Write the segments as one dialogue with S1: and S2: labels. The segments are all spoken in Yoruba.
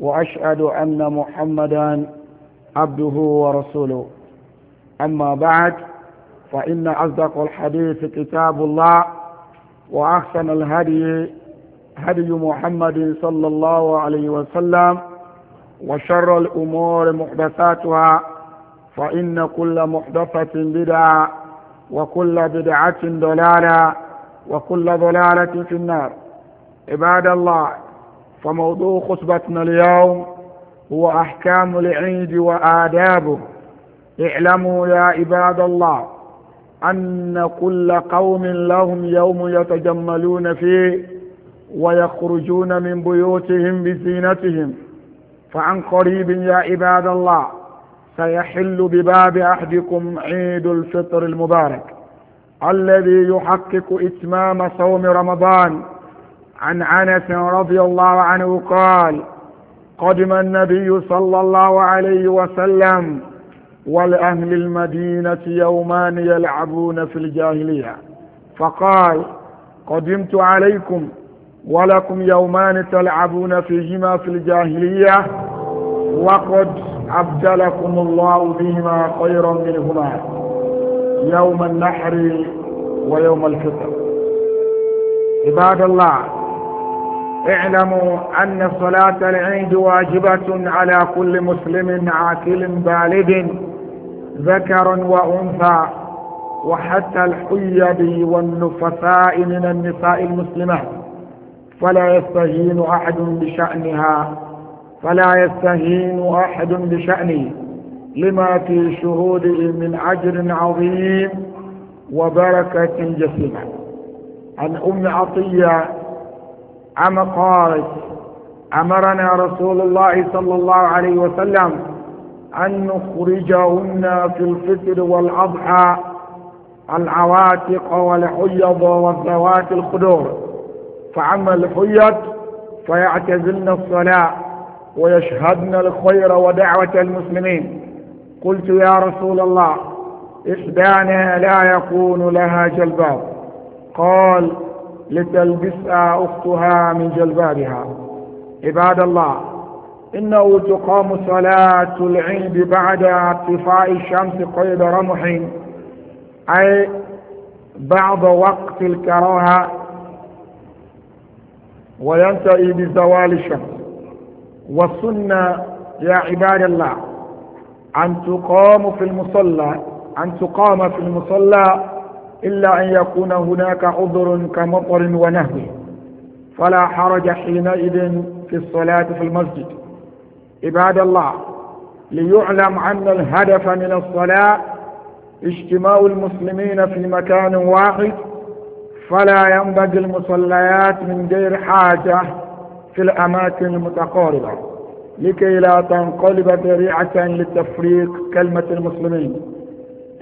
S1: وأشهد أن محمدا عبده ورسوله أما بعد فإن أصدق الحديث كتاب الله وأحسن الهدي هدي محمد صلى الله عليه وسلم وشر الأمور محدثاتها فإن كل محدثة بدعة وكل بدعة ضلالة وكل ضلالة في النار عباد الله فموضوع خطبتنا اليوم هو أحكام العيد وآدابه اعلموا يا عباد الله أن كل قوم لهم يوم يتجملون فيه ويخرجون من بيوتهم بزينتهم فعن قريب يا عباد الله سيحل بباب أحدكم عيد الفطر المبارك الذي يحقق إتمام صوم رمضان عن انس رضي الله عنه قال قدم النبي صلى الله عليه وسلم والاهل المدينه يومان يلعبون في الجاهليه فقال قدمت عليكم ولكم يومان تلعبون فيهما في الجاهليه وقد ابدلكم الله بهما خيرا منهما يوم النحر ويوم الفطر عباد الله اعلموا أن صلاة العيد واجبة على كل مسلم عاكل بالغ ذكر وأنثى وحتى الحيب والنفساء من النساء المسلمات فلا يستهين أحد بشأنها فلا يستهين أحد بشأنه لما في شهوده من أجر عظيم وبركة جسيمة عن أم عطية أما قالت أمرنا رسول الله صلى الله عليه وسلم أن نخرجهن في الفطر والأضحى العواتق والحيض والذوات الخدور فأما الحيض فيعتزلن الصلاة ويشهدن الخير ودعوة المسلمين قلت يا رسول الله إحدانا لا يكون لها جلباب قال لتلبسها أختها من جلبابها عباد الله إنه تقام صلاة العيد بعد ارتفاع الشمس قيد رمح أي بعض وقت الكراهة وينتهي بزوال الشمس والسنة يا عباد الله أن تقام في المصلى أن تقام في المصلى إلا أن يكون هناك عذر كمطر ونهو فلا حرج حينئذ في الصلاة في المسجد عباد الله ليعلم أن الهدف من الصلاة اجتماع المسلمين في مكان واحد فلا ينبغي المصليات من غير حاجة في الأماكن المتقاربة لكي لا تنقلب ذريعة للتفريق كلمة المسلمين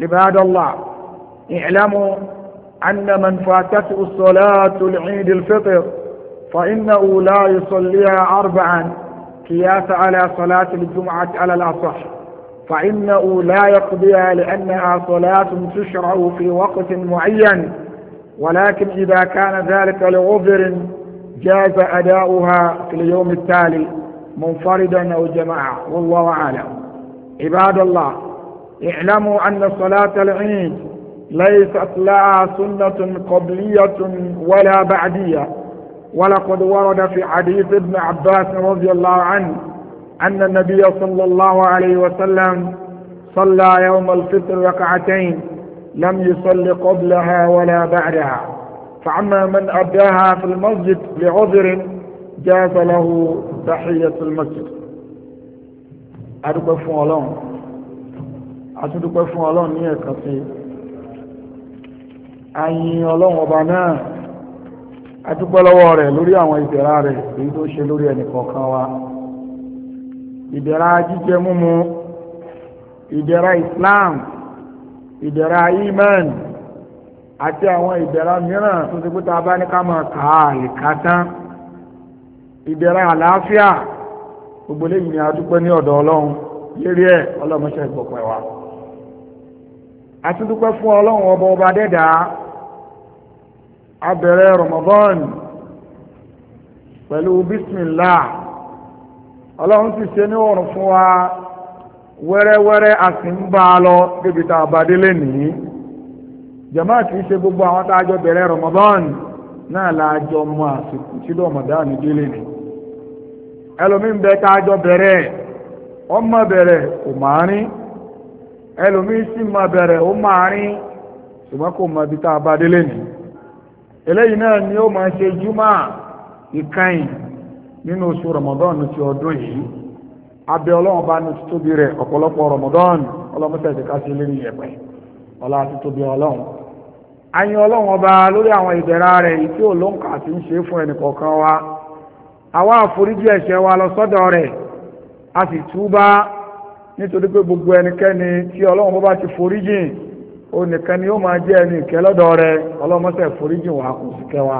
S1: عباد الله اعلموا أن من فاتته الصلاة العيد الفطر فإنه لا يصليها أربعا قياس على صلاة الجمعة على الأصح فإنه لا يقضيها لأنها صلاة تشرع في وقت معين ولكن إذا كان ذلك لعذر جاز أداؤها في اليوم التالي منفردا أو جماعة والله أعلم عباد الله اعلموا أن صلاة العيد ليست لها سنة قبلية ولا بعدية ولقد ورد في حديث ابن عباس رضي الله عنه أن النبي صلى الله عليه وسلم صلى يوم الفطر ركعتين لم يصل قبلها ولا بعدها فأما من أداها في المسجد لعذر جاز له تحية المسجد أدوك فون ألون أتدوك فون ألون ayin ọlọ́run ọba náà adúpẹ́ rẹ̀ lórí àwọn ìdẹ̀ra rẹ̀ èyí tó ṣe lórí ẹnìkọ̀ọ̀kan wa ìdẹ̀ra jíjẹ múmu Islam ìdẹ̀ra iman àti àwọn ìdẹ̀ra mìíràn tó ti kúta bá ní ká máa kà gbogbo lẹ́yìn ni adúpẹ́ ní ọ̀dọ̀ ọlọ́run lérí ẹ̀ wa. àtúndúpẹ́ fún ọlọ́run ọba ọba dẹ́dà abẹ̀rẹ̀ Ramadan pẹ̀lú bísmìlá ọlọ́run ti ṣe ní fún wa wẹ́rẹ́wẹ́rẹ́ a sì ń lọ débi tá a bá délé nìyí gbogbo àwọn tá a jọ bẹ̀rẹ̀ Ramadan náà la jọ mọ àsìkò sílẹ̀ délé ẹlòmíín tá a jọ bẹ̀rẹ̀ ọmọ bẹ̀rẹ̀ kò máa ẹlòmíín máa bẹ̀rẹ̀ ó máa rín ṣùgbọ́n kò eleyi na tá a bá délé ní eléyìí náà ni ó máa ṣe júmọ́ ìkẹyìn nínú oṣù rọmọdọ́ọ̀nù ti ọdún yìí abẹ ọlọ́run bá ní títóbi rẹ̀ ọ̀pọ̀lọpọ̀ rọmọdọ́ọ̀nù ọlọ́mọtẹ̀ ti ká sí lé ní ẹ̀pẹ́ ọlá títóbi ọlọ́run ayin ọlọ́run ọba lórí àwọn ìdẹ̀ra rẹ̀ yìí tí ò ló ń ṣe fún ẹnì kọ̀ọ̀kan wa àwa àforíjì nítorí pé gbogbo ẹnikẹ́ni tí ọlọ́run bó bá ti forí jìn ó nìkan ni ó máa jẹ́ ẹni ìkẹ́ lọ́dọ̀ rẹ ọlọ́run forí jìn wá kò sì kẹ́ wa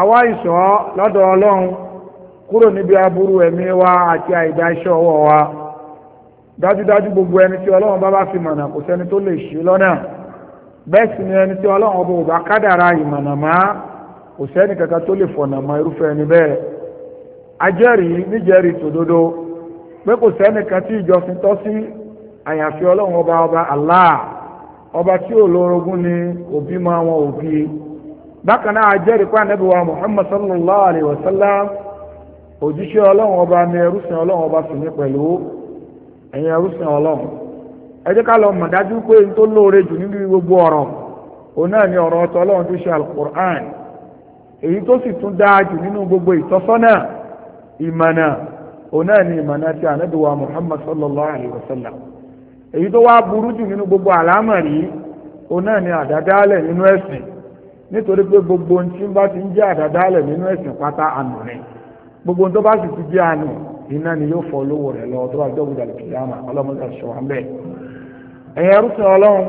S1: àwa ìṣọ́ lọ́dọ̀ ọlọ́run kúrò níbi aburú ẹ̀mí wa àti gbogbo ẹni tí ọlọ́run bá bá fi mọ̀nà kò sẹ́ni tó lè ṣe lọ́nà ẹni tí ọlọ́run ọba kò sẹ́ni kankan tó lè irúfẹ́ ẹni bẹ́ẹ̀ ajẹ́rìí níjẹ́rìí pé kò sẹ́nìkan tí ìjọsìn tọ́ sí àyàfi ọlọ́run ọba ọba Allah ọba tí ò lórogún ni òbí máa wọn òbí bákan náà ajẹ́rìí pa ànábì wa sallallahu alayhi wa sallam ọba ni ẹrúsìn ọlọ́run ọba sì ní pẹ̀lú ẹrúsìn ọlọ́run ẹ jẹ́ ká lọ mọ̀ dájú pé n tó lóore jù nínú gbogbo ọ̀rọ̀ òun náà ni ọ̀rọ̀ ọ̀tọ̀ ọlọ́run tó ṣe alukur'an èyí tó sì tún dáa jù nínú gbogbo òun náà ni ìmọ̀nà ti ànábìwá Muhammad sallallahu alayhi wa sallam èyí tó wá burú jù nínú gbogbo àlámọ̀rí òun náà ni àdádálẹ̀ nínú ẹ̀sìn nítorí pé gbogbo ohun tí bá ti ń jẹ́ àdádálẹ̀ nínú ẹ̀sìn pátá àná rẹ̀ gbogbo ohun tó bá sì ti jẹ́ àná iná ni yóò fọ olówó rẹ̀ lọ tó bá jọ́ gbọdọ̀ kìláàmà ọlọ́mọdé ṣọ wá bẹ́ẹ̀. ẹ̀yin arúgbó ọlọ́run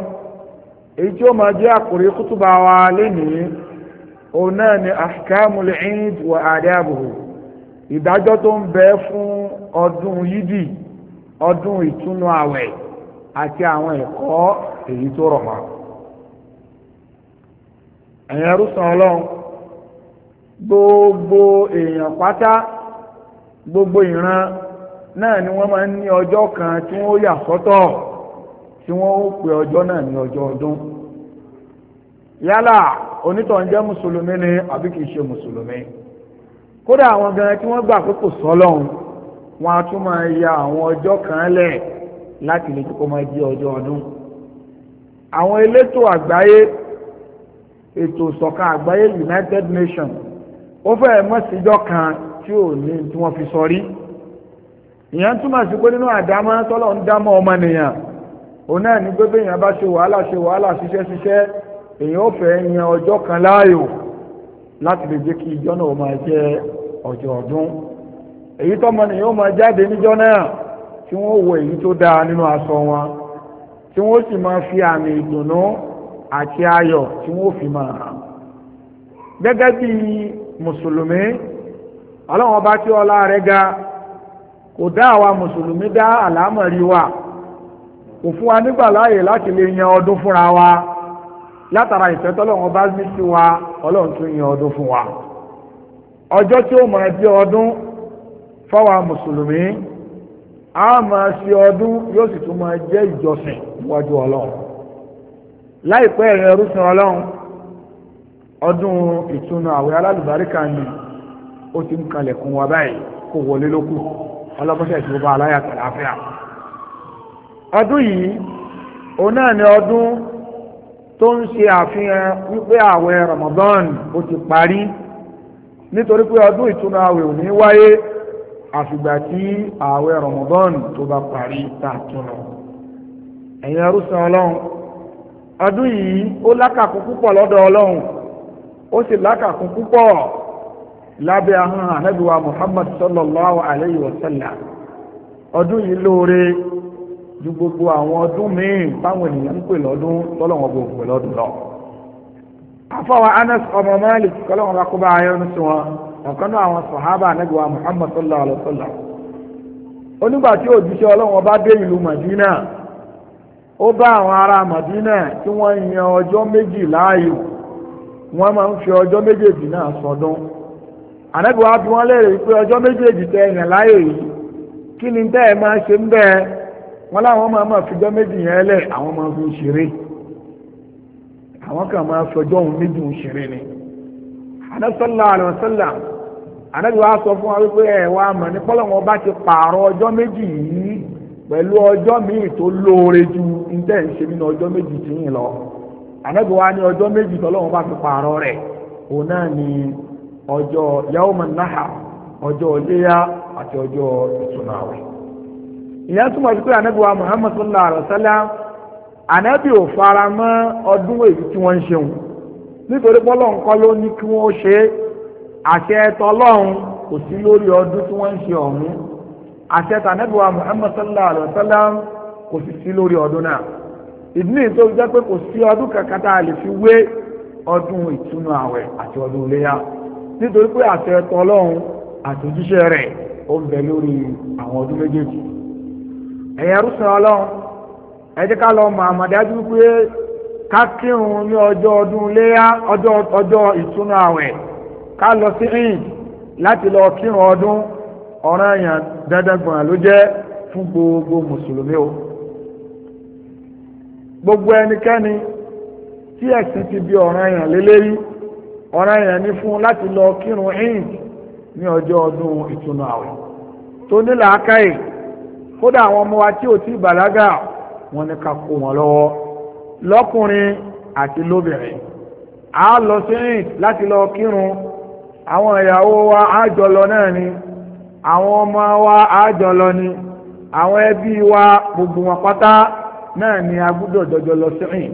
S1: èyí tí ó máa jẹ́ àkòrí kútùbà wa lénìí òun náà ni ahkamul eid wa ìdájọ́ tó ń bẹ fún ọdún yídì ọdún ìtúnu àwẹ̀ àti àwọn ẹ̀kọ́ èyí tó rọ̀ mọ́ ẹ̀yin ẹrúsàn ọlọ́run gbogbo èèyàn pátá gbogbo ìran náà ni wọ́n máa ń ní ọjọ́ kan tí wọ́n yà sọ́tọ̀ tí wọ́n ó pe ọjọ́ náà ní ọjọ́ ọdún yálà onítọ̀ ń jẹ́ mùsùlùmí ni àbí kìí ṣe mùsùlùmí. kódà àwọn gan tí wọ́n gbà pé kò sọ́lọ́hún wọn a tún máa ya àwọn ọjọ́ kan lẹ̀ láti lè kó máa di ọjọ́ ọdún àwọn elétò àgbáyé ètò ìṣọ̀kan àgbáyé United Nations ó fẹ́ẹ̀ mọ́síjọ́ kan tí ò ní tí wọ́n fi sọ rí ìyẹn túmọ̀ sí pé nínú àdámọ́ tọ́lọ̀ ń dámọ́ ọmọnìyàn òun náà ní pé bí èèyàn bá ṣe wàhálà ṣe wàhálà ṣiṣẹ́ ṣiṣẹ́ èèyàn ó fẹ́ yan ọjọ́ kan láàyò láti lè jẹ́ kí ìjọ náà máa jẹ́ ọjọ́ ọdún èyí tọ́mọ ni yóò máa jáde níjọ́ náà tí wọ́n wọ èyí tó dáa nínú aṣọ wọn tí wọ́n sì máa fi àmì ìdùnnú àti ayọ̀ tí wọ́n fi máa hàn gẹ́gẹ́ bí mùsùlùmí ọlọ́wọ́n bá tí ọlá rẹ̀ ga kò dá àwa mùsùlùmí dá àlámọ̀rí wa kò fún wa nígbà láàyè láti lè yan ọdún fúnra wa látara ìfẹ́ tọ́lọ́wọ́n bá ní sí wa ọlọ́run tún yan ọdún fún wa ọjọ́ tí ó máa jẹ́ ọdún fáwa mùsùlùmí a máa ṣe ọdún yóò sì tún máa jẹ́ ìjọsìn níwájú ọlọ́run láìpẹ́ ẹ̀rìn ẹrúsìn ọlọ́run ọdún ìtúnu àwẹ̀ alálùbáríkà ni ó ti ń kalẹ̀kùn wa báyìí kó wọlé lókù ọlọ́pọ̀ṣẹ́ tí ó bá aláyà tàlàáfíà ọdún yìí òun náà ni ọdún tó ń ṣe àfihàn wípé àwẹ̀ Ramadan ó ti parí nítorí pé ọdún ìtúnu àwẹ̀ ò ní wáyé àfìgbà tí ààwẹ̀ Ramadan tó bá parí tààtúnà ẹ̀yin ẹrúsàn ọlọ́run ọdún yìí ó lákàkún púpọ̀ lọ́dọ̀ ọlọ́run ó sì lákàkún púpọ̀ lábẹ́ ahọ́n ànábìwá Muhammad sallallahu alayhi wa sallam ọdún yìí lóore ju gbogbo àwọn ọdún míì táwọn ènìyàn ń pè lọ́dún tọ́lọ́wọ́n gbogbo lọ́dún lọ́wọ́ afọwa anas ọmọ malik kọ́lọ́ wọn kó bá ayọ́ nísìn wọn ọ̀kan náà àwọn sọ̀hábà anagba muhammad sallallahu alayhi wa sallam onígbà tí òjíṣẹ́ ọlọ́wọ́n bá dé ìlú madina ó bá àwọn ará madina tí wọ́n yan ọjọ́ méjì láàyò wọ́n máa ń fi ọjọ́ méjèèjì náà sọdún bí wọ́n pé ọjọ́ méjèèjì tẹ ẹ̀yàn láàyò yìí kí ni tẹ́ ẹ máa ṣe ń bẹ́ẹ̀ wọ́n láwọn àwọn kan máa sọjọ́ òun méjì ń ṣeré ni anasọ́lá alọ́sọ́lá anabi wa sọ fún wa wípé ẹ wá mọ̀ ní pọ́lọ́wọ́n bá ti pààrọ̀ ọjọ́ méjì yìí pẹ̀lú ọjọ́ míì tó lóore ju ntẹ́ ń ṣe nínú ọjọ́ méjì tí yìí lọ anabi wa ní ọjọ́ méjì tọ́lọ́wọ́n bá ti pààrọ̀ rẹ̀ òun náà ni ọjọ́ yawman nahar ọjọ́ iléyà àti ọjọ́ ìtúnu àwẹ̀ ìyẹn sí pé anabi wa muhammadu sallallahu alaihi wa sallam ànábì ò fara mọ́ ọdún èyí tí wọ́n ń ṣeun nítorí pọ́lọ́ nǹkan ló ní kí wọ́n ṣe àṣẹ tọlọ́run kò sí lórí ọdún tí wọ́n ń ṣe ọ̀hún àṣẹ tànábì wa Muhammad sallallahu alayhi wa sallam kò sì sí lórí ọdún náà ìdí nìyí tó jẹ́ pé kò sí ọdún kankan tá a lè fi wé ọdún ìtúnu àwẹ̀ àti ọdún iléyà nítorí pé àṣẹ tọlọ́run àtòjíṣẹ́ rẹ̀ ó ń bẹ lórí àwọn ọdún méjèèjì ẹ̀yẹ rúṣin ọlọ́run ẹ jẹ́ ká lọ mọ̀ àmọ̀dájú pé ká kírun ní ọjọ́ ọdún léyà ọjọ́ ọjọ́ ìtúnu àwẹ̀ ká lọ sí Eid láti lọ kírun ọdún ọ̀ràn èèyàn dandangbọ̀n ló jẹ́ fún gbogbo mùsùlùmí o gbogbo ẹnikẹ́ni tí ẹ̀sìn ti bí ọ̀ràn èèyàn lélẹ́rí ọ̀ràn èèyàn ní fún láti lọ kírun Eid ní ọjọ́ ọdún ìtúnu àwẹ̀ tó ní làákàyè kódà àwọn ọmọ wa tí ò tí bàlágà wọ́n ní ká kó wọn lọ́wọ́ lọ́kùnrin àti lóbìnrin a lọ sí rìn láti lọ kírun àwọn ìyàwó wa àjọ lọ náà ni àwọn ọmọ wa àjọ lọ ni àwọn ẹbí wa gbogbo wọn pátá náà ni a gbúdọ̀ jọjọ lọ sí rìn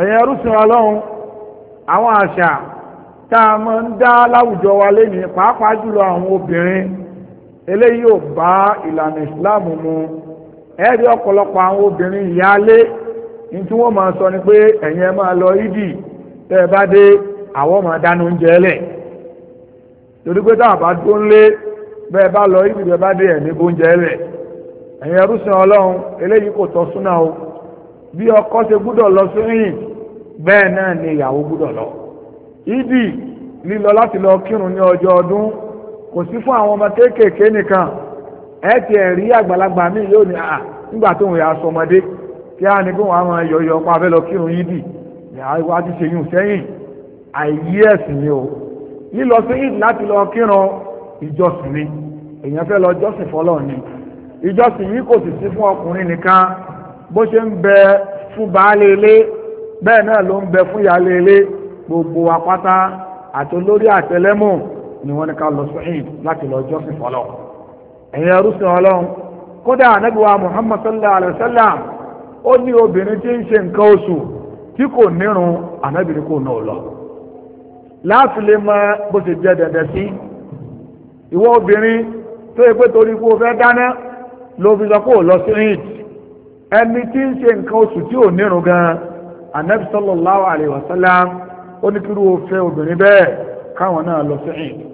S1: ẹ̀yin ẹrúsìn ọlọ́run àwọn àṣà tá a máa ń dá láwùjọ wa lẹ́yìn pàápàá jùlọ àwọn obìnrin eléyìí ò bá ìlànà ìsìláàmù mu ẹ̀rí ọ̀pọ̀lọpọ̀ àwọn obìnrin ìyáálé ní tí wọ́n máa sọ ni pé ẹ̀yin ẹ lọ idi tẹ́ ẹ bá dé àwọn máa dáná oúnjẹ ẹlẹ̀ torí pé táwọn bá tó bá lọ idi tẹ́ ẹ bá dé oúnjẹ ẹlẹ̀ ẹrúsìn ọlọ́run eléyìí kò tọ́ o bí ọkọ ṣe gbúdọ̀ ni ìyàwó gbúdọ̀ lọ lílọ láti lọ kírun ní ọjọ́ ọdún kò sí fún àwọn ọmọ ẹ ti ẹ̀ rí àgbàlagbà míì yóò ní àà ah, nígbà tó ń ya sọmọdé kí á ní kí wọ́n á máa yọ yọ pa abẹ́ lọ kírun yín dì ti ṣe yún sẹ́yìn àìyí ẹ̀sìn ni o lílọ sí yìí láti lọ kírun ìjọsìn ni èèyàn fẹ́ lọ jọ́sìn fọlọ́ ni ìjọsìn yìí kò sì sí fún ọkùnrin nìkan bó ṣe ń bẹ fún baálé ilé bẹ́ẹ̀ náà ló ń bẹ gbogbo àti olórí àtẹlẹ́mù ni wọ́n ní ká lọ ẹ̀yin arúsùn ọlọ́run kódà anábìwá muhammad sallallahu alayhi wa sallam ó ní obìnrin tí ń ṣe nǹkan oṣù tí kò nírun anábìrin kò náà lọ láàfin lè mọ bó ṣe jẹ dandan sí ìwọ obìnrin tó yẹ pé torí kó o fẹ́ dáná ló fi sọ pé ò lọ sí rìn ẹni tí ń ṣe nǹkan oṣù tí ò nírun gan anábì alayhi wa sallam ó ní kí ló fẹ́ obìnrin bẹ́ẹ̀ káwọn náà lọ sí rìn.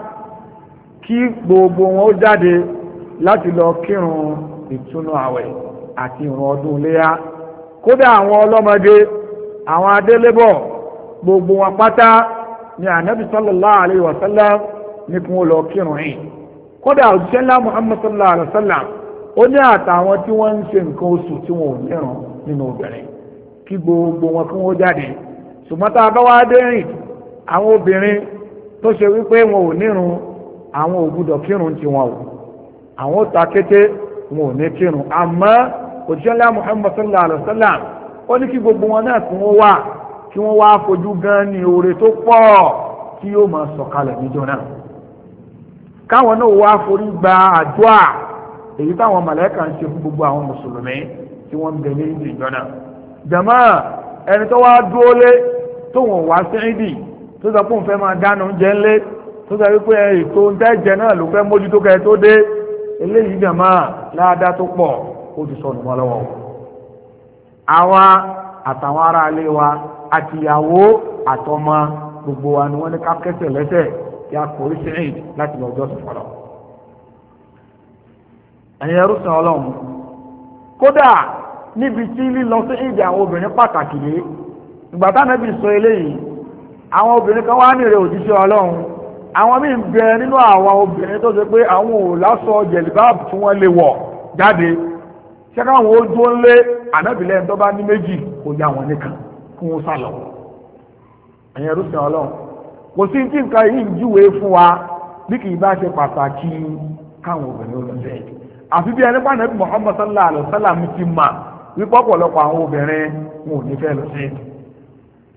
S1: kí gbogbo wọn ó jáde láti lọ kírun ìtúnu àwẹ̀ àti ìrun ọdún iléyá kódà àwọn ọlọ́mọdé àwọn adélébọ̀ gbogbo wọn pátá ni ànábì alayhi wa ní kí lọ kírun yìí kódà òjíṣẹ́ ńlá muhammad sallallahu alayhi wa ó ní àtàwọn tí wọ́n ń ṣe nǹkan oṣù tí ò gbogbo wọn kí wọ́n jáde ṣùgbọ́n tá a bá wá dé àwọn ò gbúdọ̀ kírun ti wọn o àwọn ò ta kété wọn ò ní kírun àmọ́ òjíṣẹ́lá Muhammad sallallahu alayhi wa sallam ó ní kí gbogbo wọn náà tí wọ́n wà kí wọ́n wá fojú gan ni oore tó pọ̀ tí yóò máa sọ̀kalẹ̀ níjọ náà káwọn náà wá forí gba àdúà èyí táwọn màláíkà ń ṣe fún gbogbo àwọn mùsùlùmí tí wọ́n bẹ ní ìjọ náà jàmá ẹni tó wá dúró lé tóun wá sí ìdì tó sọ pé òun fẹ́ máa dáná oúnjẹ ńlẹ́ tó sọ wípé ètò ntẹ́jẹ náà ló fẹ́ mójútó kẹ tó dé eléyìí jàmá láàdá tó pọ̀ ó ti sọnù mọ́ lọ́wọ́ àwa àtàwọn ará ilé wa àtìyàwó àtọmọ gbogbo wa ni wọ́n ní ká kẹsẹ̀ lẹ́sẹ̀ kí a kò rí sẹ́yìn láti lọ jọ́sìn fọlọ́ ẹ̀yin ẹrú sàn ọlọ́run kódà níbi tí lílọ sí ìdí àwọn obìnrin pàtàkì dé ìgbà táwọn ẹbí sọ eléyìí àwọn obìnrin kan wá nírè òjíṣẹ́ ọlọ́run àwọn míì ń bẹ nínú àwọn obìnrin tó ṣe pé àwọn ò lásọ jẹ̀lìbáàbù tí wọ́n lè wọ̀ jáde ṣẹ́ká àwọn ojú ń lé ànábìlẹ̀ tó bá ní méjì kò yá wọn nìkan fún un sálọ ẹ̀yẹn rúṣin ọlọ́run kò sí tí nǹkan yìí ń júwèé fún wa bí kì í bá ṣe pàtàkì káwọn obìnrin ó lọ àfi bí ẹni pa nàbí Muhammad sallallahu alayhi wa sallam ti mà wípé ọ̀pọ̀lọpọ̀ àwọn obìnrin wọn ò ní fẹ́ lọ sí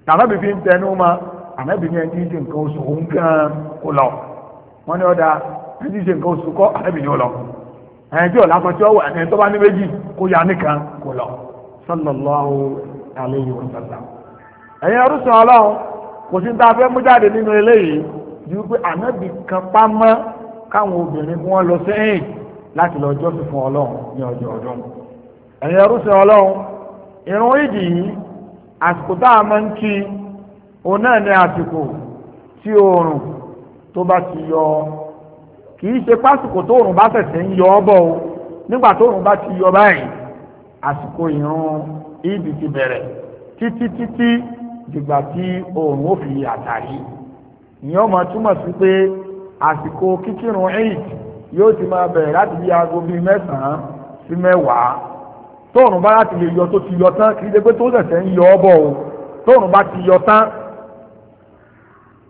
S1: tàbí fi ń tẹnu mọ́ ànábì ní ẹni ṣe nǹkan oṣù òun gan kó lọ wọ́n ní ọ̀dà ẹni ṣe nǹkan oṣù kọ́ ànábì ní ó lọ ẹni tí ọ̀làkọ̀ tí ó wà ẹni tó bá ní méjì kó ya nìkan kó lọ sallallahu alayhi wa sallam ẹ̀yin arúsọ ọlọ́run kò sí ta fẹ́ mú jáde nínú eléyìí ju pé ànábì kan pámọ́ káwọn obìnrin kí wọ́n lọ sẹ́yìn láti lọ jọ́sìn fún ọlọ́run ní ọjọ́ ọdún ẹ̀yin arúsọ ọlọ́run ìrún ìdì yìí àsìkò tá a máa ń kí òun náà ní àsìkò tí oòrùn tó bá ti yọ ọ kì í ṣe pásìkò tó oòrùn bá ṣẹ̀ṣẹ̀ ń yọ ọ bọ̀ o nígbà tó oòrùn bá ti yọ báyìí àsìkò ìrun ìdì ti bẹ̀rẹ̀ títí títí dìgbà tí oòrùn ó fi àtàrí ìyẹn ó máa túmọ̀ sí pé àsìkò kíkírun eid yóò ti máa bẹ̀rẹ̀ láti bí aago bíi mẹ́sàn-án sí mẹ́wàá tóòrùn bá láti lè yọ tó ti yọ tán kì í ṣe pé tó ṣẹ̀ṣẹ̀ ń yọ ọ bọ̀ o tóòrùn bá ti yọ tán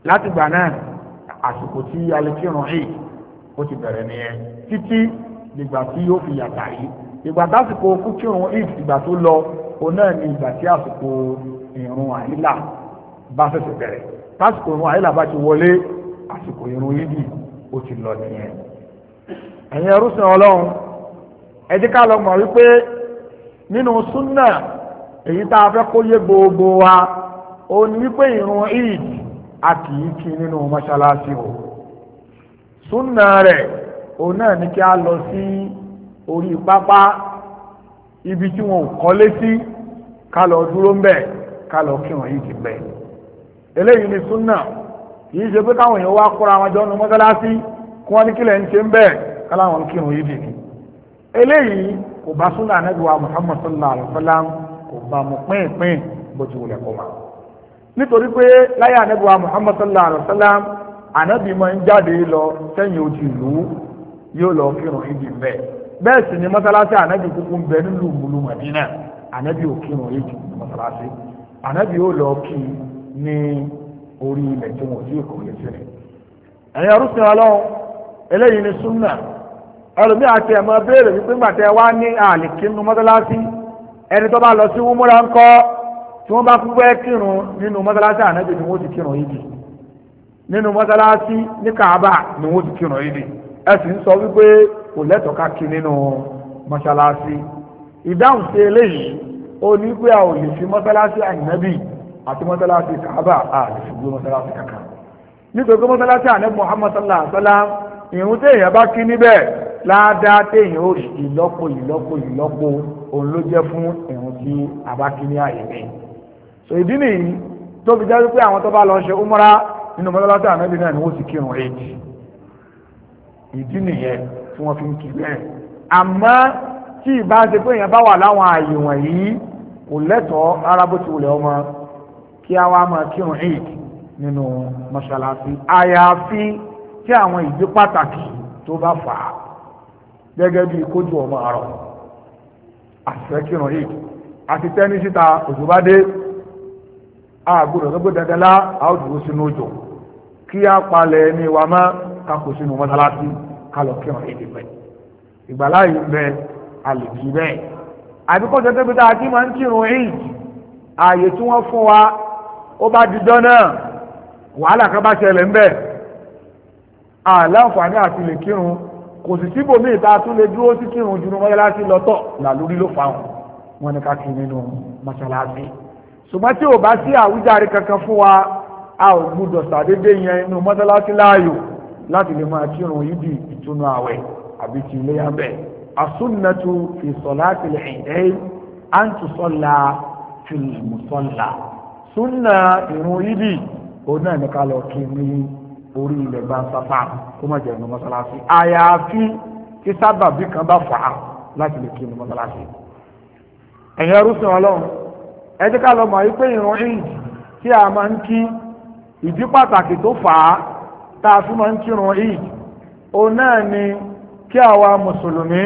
S1: látìgbà náà àsìkò tí alẹ́kírun ẹ̀ ó ti bẹ̀rẹ̀ nìyẹn títí dìgbà tí yóò fi yàtà yìí ìgbà tásìkò kúkírun ẹ̀ ìgbà tó lọ òun náà ni ìgbà tí àsìkò ìrun àìlà bá ṣẹ̀ṣẹ̀ bẹ̀rẹ̀ tásìkò ìrun àìlà bá ti wọlé àsìkò ìrun yídì ó ti lọ nìyẹn ẹ̀yin ẹrúsìn ọlọ́run ẹ jẹ́ ká lọ mọ̀ wípé nínú súnnà èyí tá a fẹ́ kó yé gbogbo wa òun ni wípé ìrun ìdì a kì í kí nínú mọ́ṣáláṣí o súnà rẹ̀ òun náà ní kí a lọ sí orí pápá ibi tí wọn ò kọ́lé sí ká lọ dúró ń bẹ̀ ká lọ kí wọn yìí ti bẹ̀ eléyìí ni súnà kì í ṣe pé káwọn èèyàn wá kóra wọn jọ nu mọ́ṣáláṣí kí wọ́n ní kílẹ̀ ń ṣe ń bẹ̀ káláwọn kí wọn yìí dì eléyìí kò bá súnà anábìwá Muhammad sallallahu alaihi wa sallam kò bá mu pínpín bó ti wulẹ̀ kó máa nítorí pé láyé ànábì wa muhammad sallallahu alayhi wa sallam ànábì máa ń jáde lọ sẹ́yìn ojú ìlú yóò lọ kírun ìdí mbẹ́ bẹ́ẹ̀ sì ni mọ́sálásí ànábì kúkú ń bẹ nílùú mulu madina ànábì ò kírun ìdí mọ́sálásí ànábì yóò lọ kí ní orí ilẹ̀ tí wọ́n ti kọ̀ létí rẹ̀ ẹ̀yin arúgbó ọlọ́run eléyìí ni súnà ẹlòmíì àti ẹ̀mọ́ béèrè wípé gbàtẹ́ wá ní àlìkínú mọ́sálásí tí wọ́n bá fúnpẹ́ kírun nínú mọ́sálásí ànábì ni wọ́n ti kírun yìí nínú mọ́sálásí ní Kaaba ni wọ́n ti kírun yìí ẹ sì ń sọ wípé kò lẹ́tọ̀ọ́ ká kí nínú mọ́sálásí ìdáhùn sí eléyìí ó ní pé a ò lè fi mọ́sálásí ànábì àti mọ́sálásí Kaaba a lè fi gbé mọ́sálásí kankan nítorí pé mọ́sálásí ànábì Muhammad sallallahu alaihi wa sallam ìhun téèyàn bá kí níbẹ̀ ládàá téèyàn ó rí ìlọ́po ìlọ́po ìlọ́po òun ló jẹ́ fún ìhun tí a bá kí ní àyè mi so ìdí nìyí tó fi jẹ́ pé àwọn tó bá lọ ṣe umra nínú mọ́lọ́lọ́tà ànábì náà ni wọ́n ti kírun èjì ìdí nìyẹn tí wọ́n fi ń kí bẹ́ẹ̀ àmọ́ tí ìbá ṣe pé èèyàn bá wà láwọn ààyè wọ̀nyí kò lẹ́tọ̀ọ́ rárá bó ti wulẹ̀ ọmọ kí a wá máa kírun èjì nínú mọ́ṣáláṣí àyàfi tí àwọn ìdí pàtàkì tó bá fà á gẹ́gẹ́ bí kójú ọmọ àrọ̀ àti tẹ́ní síta òjò dé àgbọ̀dọ̀ tó gbọ́dọ̀ dẹ́lá àwòdìwò sínú òjò kí á palẹ̀ ní wa má kakò sínú mọ́sálásí kálọ̀ kí wọ́n èdè bẹ́ẹ̀ ìgbàláyé bẹ́ àlèkí bẹ́ẹ̀ àbíkọ́ tó tẹ́bi tá a ti máa ń kírun èyí ààyè tí wọ́n fún wa ó bá dijọ́ náà wàhálà kan bá ṣẹlẹ̀ ń bẹ̀ àláǹfààní àti lè kírun kò sì síbòmíì tá a tún lè dúró sí kírun jùlọ mọ́sálásí lọ́tọ̀ làlórí ló fa wọn ni ká kí nínú mọ́sálásí ṣùgbọ́n tí ò bá sí àwíjàre kankan fún wa a ò gbúdọ̀ sàdédé yẹn inú mọ́sálásí láàyò láti lè máa kírun yídì ìtúnu àwẹ̀ àbí ti ilé abẹ́ asúnnàtú fi sọ̀láti lè ẹ̀dẹ́ àǹtùsọ́là fi mùsọ́là súnnà ìrun yídì òun náà ní ká lọ kí ní orí ilẹ̀ bá ń sáfà kó má jẹ́ inú mọ́sálásí àyàfi kí sábàbí kan bá fà á láti lè kí inú mọ́sálásí ẹ̀yin arúsùn ọlọ́run ẹ jẹ́ ká lọ mọ̀ wípé ìrun eid tí a máa ń kí ìdí pàtàkì tó fà á tá a fi máa ń kírun eid òun náà ni kí àwa mùsùlùmí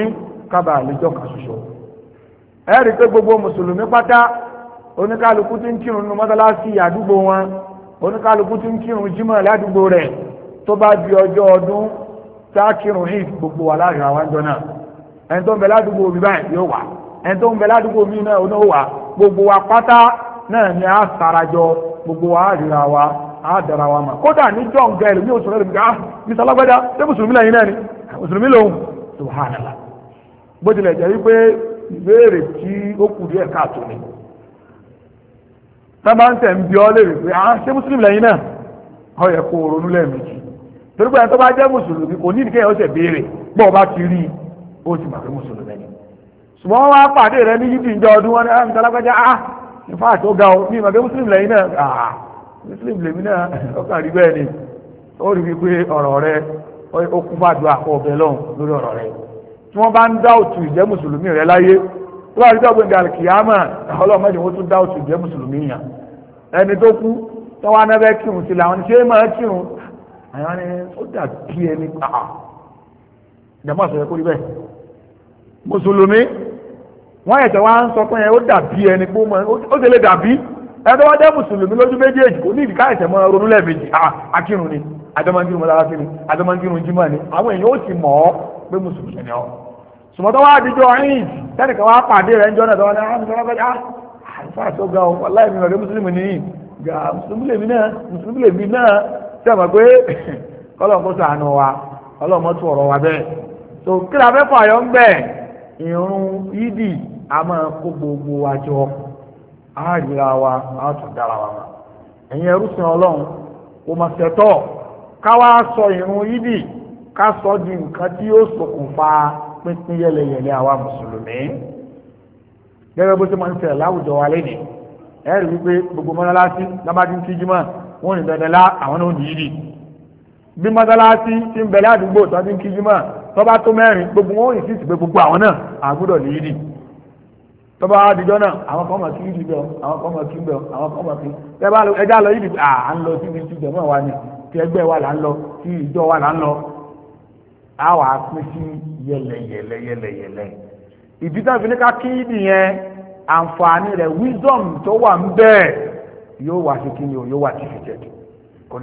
S1: kábà àlejò kan ṣoṣo ẹ rí i pé gbogbo mùsùlùmí pátá oníkálukú ti ń kírun nínú mọ́tálásí àdúgbò wọn oníkálukú ti ń kírun jímọ̀ ládùúgbò rẹ̀ tó bá di ọjọ́ ọdún tá a kírun eid gbogbo wa láàrin àwọn àjọ náà ẹni tó ń bẹ ládùúgbò mi báyìí yóò wà ẹni tó ń bẹ ládùúgbò mi náà ó náà wà gbogbo wa pátá náà ni a gbogbo wa ríra wa á dara wa ma kódà ní john ní oṣù rẹ̀ ah mr alágbádá ṣé mùsùlùmí lẹ́yìn náà ni mùsùlùmí lòun subhanallah bó tilẹ̀ jẹ́ wípé ìbéèrè tí ó kù díẹ̀ káàtó ni tá a ń tẹ̀ ń léèrè pé ah ṣé lẹ́yìn náà ọ yẹ kó ronú lẹ́ẹ̀mejì torí pé ẹni tó bá jẹ́ kò ní ó béèrè bá ti rí i ó ti mà ṣùgbọ́n wá pàdé rẹ ní yídì ìjọ ọdún wọn ní àmì ah, ah in fact ó ga ọ ní ìmọ̀gé muslim lẹ́yìn náà ah muslim lèmi náà ó kàn rí bẹ́ẹ̀ ni ó rí wípé ọ̀rọ̀ rẹ ó kún bá dùn àpò ọ̀bẹ lọ́hùn lórí ọ̀rọ̀ rẹ tí wọ́n bá ń dá òtù ìjẹ́ mùsùlùmí rẹ láyé tó bá rí dọ́gbẹ́ ní alkiyama ọlọ́mọdé wọn tún dá òtù ìjẹ́ mùsùlùmí yàn ẹni tó kú tó wá náà kírun sí làwọn ṣé máa kírun àwọn ni ó dàbí ẹni pàà ah, ìjàmbá sọ̀rọ̀ kórìí bẹ́ẹ̀ mùsùlùmí wọ́n ẹ̀sẹ̀ wá ń sọ pé ó dàbí ẹni pé ó ṣe lè dàbí ẹni tó wá mùsùlùmí lójú méjèèjì ní ìdíkà ẹ̀sẹ̀ mọ́ ronú lẹ́ẹ̀mejì ni adamangirun mọ́lára kiri adamangirun jimá ni àwọn èèyàn ó sì mọ̀ ọ́ pé mùsùlùmí ni ọ́ sùmọ́tọ́ wá àdíjọ́ ẹ̀yìn tẹ́nìkan wá pàdé rẹ̀ ah, ah, ga náà náà ń wa ìrun yídì a máa kó gbogbo wa jọ àárira wa a tún dára wa mọ́ ẹ̀yin ẹrúsìn ọlọ́run kò mà ṣẹ̀tọ́ ká wá sọ ìrun yídì ká sọ di nǹkan tí yóò ṣokùnfà pínpín yẹlẹyẹlẹ àwa mùsùlùmí gẹ́gẹ́ bó ṣe máa ń ṣẹlẹ̀ láwùjọ wa lẹ́nìí ẹ rí wípé gbogbo mọ́lásí lábàdí ń kíjú mọ́ wọn ò ní dandan lá àwọn náà ò ní yídì bí mọ́lásí ti ń bẹ ládùúgbò tó ti ń kíjú mọ́ tọ́ba tó mẹ́rin gbogbo wọn yìí pé gbogbo àwọn náà àgbọ́dọ̀ ní yídì tọ́ba àdìjọ́ náà àwọn kan mọ̀ kí yídì bẹ́ẹ̀ àwọn kan mọ̀ kí bẹ́ẹ̀ àwọn kan mọ̀ kí lọ yídì à à ń lọ sí ibi ìjọ náà wà ní ẹgbẹ́ wà là ń lọ ìjọ wà a fi ní ká kí yídì yẹn àǹfààní rẹ̀ wisdom tó wà ń bẹ́ẹ̀ yóò wà sí o yóò wà kò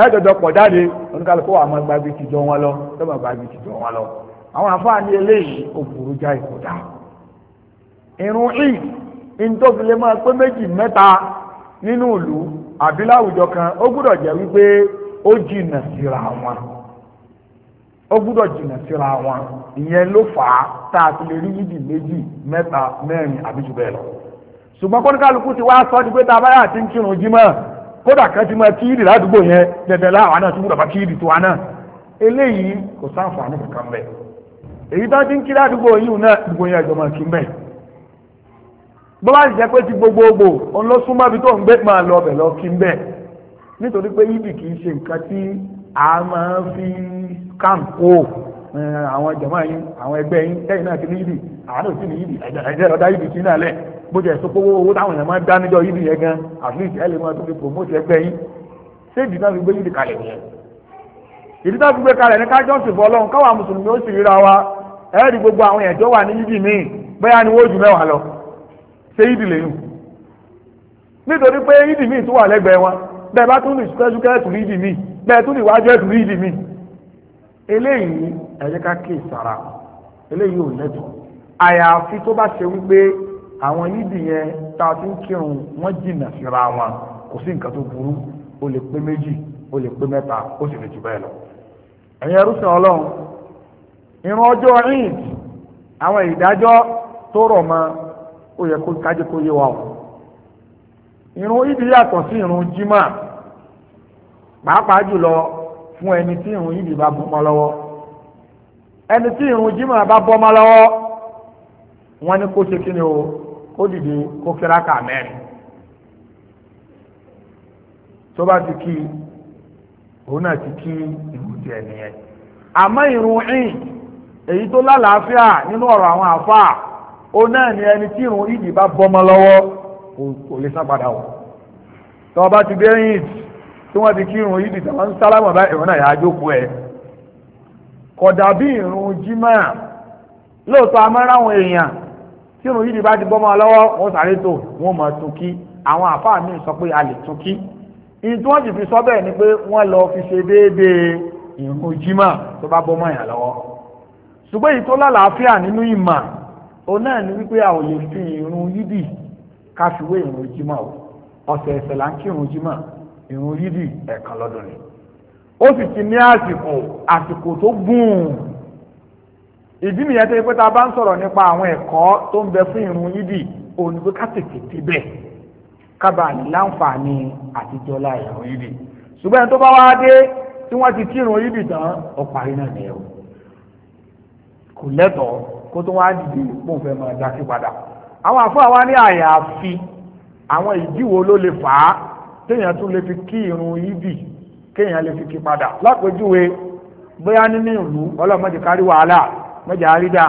S1: ẹ̀ẹ́dọ̀dọ̀ pọ̀ jáde oníkálukú wà máa gbàgbé tìjọ wọn lọ tó máa gbàgbé tìjọ wọn lọ àwọn àfáàní eléyìí ó burú já ìkọ̀dá irun eid in tó fi lè máa pé méjì mẹ́ta nínú ìlú àbí láwùjọ kan ó gbúdọ̀ jẹ́ wípé ó jìnà síra wọn ó gbúdọ̀ jìnà síra wọn ìyẹn ló fà á tá a fi lè rí yídì méjì mẹ́ta mẹ́rin àbí jù bẹ́ẹ̀ lọ ṣùgbọ́n kóníkálukú ti wá sọ ọ́ pé tá a báyà ti ń kírun jímọ̀ kódà kan ti máa tíìrì ládùúgbò yẹn dẹ̀dẹ̀ láwa náà tí wúrọ̀ bá tíìrì tó wa náà eléyìí kò sáǹfààní èyí tó ti ń kiri àdúgbò yìí náà gbogbo yẹn ìjọba kì í bẹ́ẹ̀ bó bá jẹ́ pé ti gbogbogbò òun ló súnmọ́ ibi tó ń gbé máa lọ lọ Eh, àwọn jọmọ yín àwọn ẹgbẹ́ yín lẹ́yìn náà ti ní yìí àánú sí ní yìí ẹjẹ lọ dá yìí sí náà lẹ bójú ẹsọ pé owó táwọn èèyàn máa ń dá níjọ yìí yẹn gan at least ẹ lè máa tún fi promote ẹgbẹ́ yín ṣé ìdí náà fi gbé yìí kalẹ̀ yẹn ìdí náà fi gbé kalẹ̀ ní kájọ́ sì fọ́ lọ́hùn káwa mùsùlùmí ó sì ríra wa ẹ̀ẹ́dì gbogbo àwọn èèyàn wà ní yìí míì bóyá ni wọ́n ju mẹ́wàá lọ ṣé yìí lè nítorí pé yìí míì tó wà lẹ́gbẹ̀ẹ́ wọn bẹ́ẹ̀ bá tún ní sukẹ́sukẹ́ ẹ̀tún yìí míì bẹ́ẹ̀ tún ní iwájú ẹ̀tún yìí míì eléyìí ẹ̀yẹ́ ká kí ìsara eléyìí ò lẹ́tọ̀ àyàfi tó bá ṣe wípé àwọn yídì yẹn tá a ti ń kírun wọ́n síra wọn kò sí nǹkan tó burú ó lè pé méjì ó lè pé mẹ́ta ó sì lè jù bẹ́ẹ̀ lọ ẹ̀yin ẹrúsìn ọlọ́run ìran ọjọ́ eid àwọn ìdájọ́ tó rọ̀ mọ́ yẹ kó kó yé wa o eid yàtọ̀ sí jimá pàápàá fún ẹni tí ìrun yìí bá bọ́ lọ́wọ́ ẹni tí ìrun jimá bá bọ́ lọ́wọ́ wọ́n ní kó ṣe kí ni o kó dìde kó kíráka mẹ́rin tó bá ti kí òun náà ti kí ìrun tiẹ̀ nìyẹn àmọ́ ìrun ìn èyí tó lálàáfíà nínú ọ̀rọ̀ àwọn àfáà ó náà ni ẹni tí ìrun ìdì bá bọ́ lọ́wọ́ kò lè sá padà wọ̀ tó bá ti dé ìdì. tí wọ́n ti kírun yìí nìtàn wọ́n ń sálámà bá ìwọ́n náà yàá jókòó ẹ̀ kódà bí ìrun jimá lóòótọ́ amáráwọn èèyàn tí ìrun yìí bá ti bọ́ máa lọ́wọ́ wọ́n sáré tó wọ́n máa tún kí àwọn àfáà míì sọ pé a lè tún kí ìyí tí wọ́n sì fi sọ bẹ́ẹ̀ ni pé wọ́n lọ fi ṣe déédéé ìrun jimá tó bá bọ́ mọ́yàn lọ́wọ́ ṣùgbọ́n èyí tó lálàáfíà nínú ìmọ̀ ni wípé a ò lè fi ìrun yídì ká fi là ń kí jimá ìrun yídì ẹ̀kan lọ́dún ni ó sì ti ní àsìkò àsìkò tó gùn ìdí nìyẹn tó yẹ pé tá a bá ń sọ̀rọ̀ nípa àwọn ẹ̀kọ́ tó ń bẹ fún ìrun yídì òun pé ká tètè débẹ̀ kábàá ní láǹfààní àtijọ́ la ìrun yídì ṣùgbọ́n ẹni tó bá wá dé tí wọ́n ti kírun yídì tán ó parí náà nìyẹn o kò lẹ́tọ̀ọ́ kó tó wá dìde pòun fẹ́ máa dá sí padà àwọn àfọ àwa ní àyàfi àwọn ìdíwọ́ ló lè fà á téèyàn tún lè fi kí irun ibi kéèyàn lè fi kí padà lápèjúwe bóyá nínú ìlú ọlọ́mọdé kárí wàhálà mọ́jà àrídà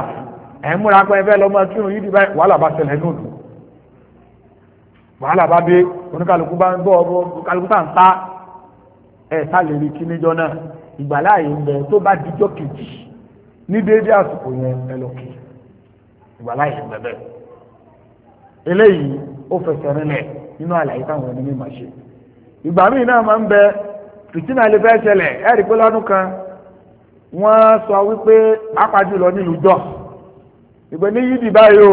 S1: ẹ̀ ń múra pé fẹ́ lọ́mọ tí irun ibi báyìí wàhálà bá oníkàlùkù ta ẹ̀ sá lè rí náà ń bẹ tó bá dijọ́ kejì ní déédé àsìkò yẹn ẹ lọ kí ń nínú àlàyé táwọn ẹni mímọ̀ ṣe ìgbà míì náà máa ń bẹ fìtínà lè fẹ́ ṣẹlẹ̀ ẹ rí wọ́n sọ wípé lọ nílùú jọ ìgbẹ́ ní yídì báyìí o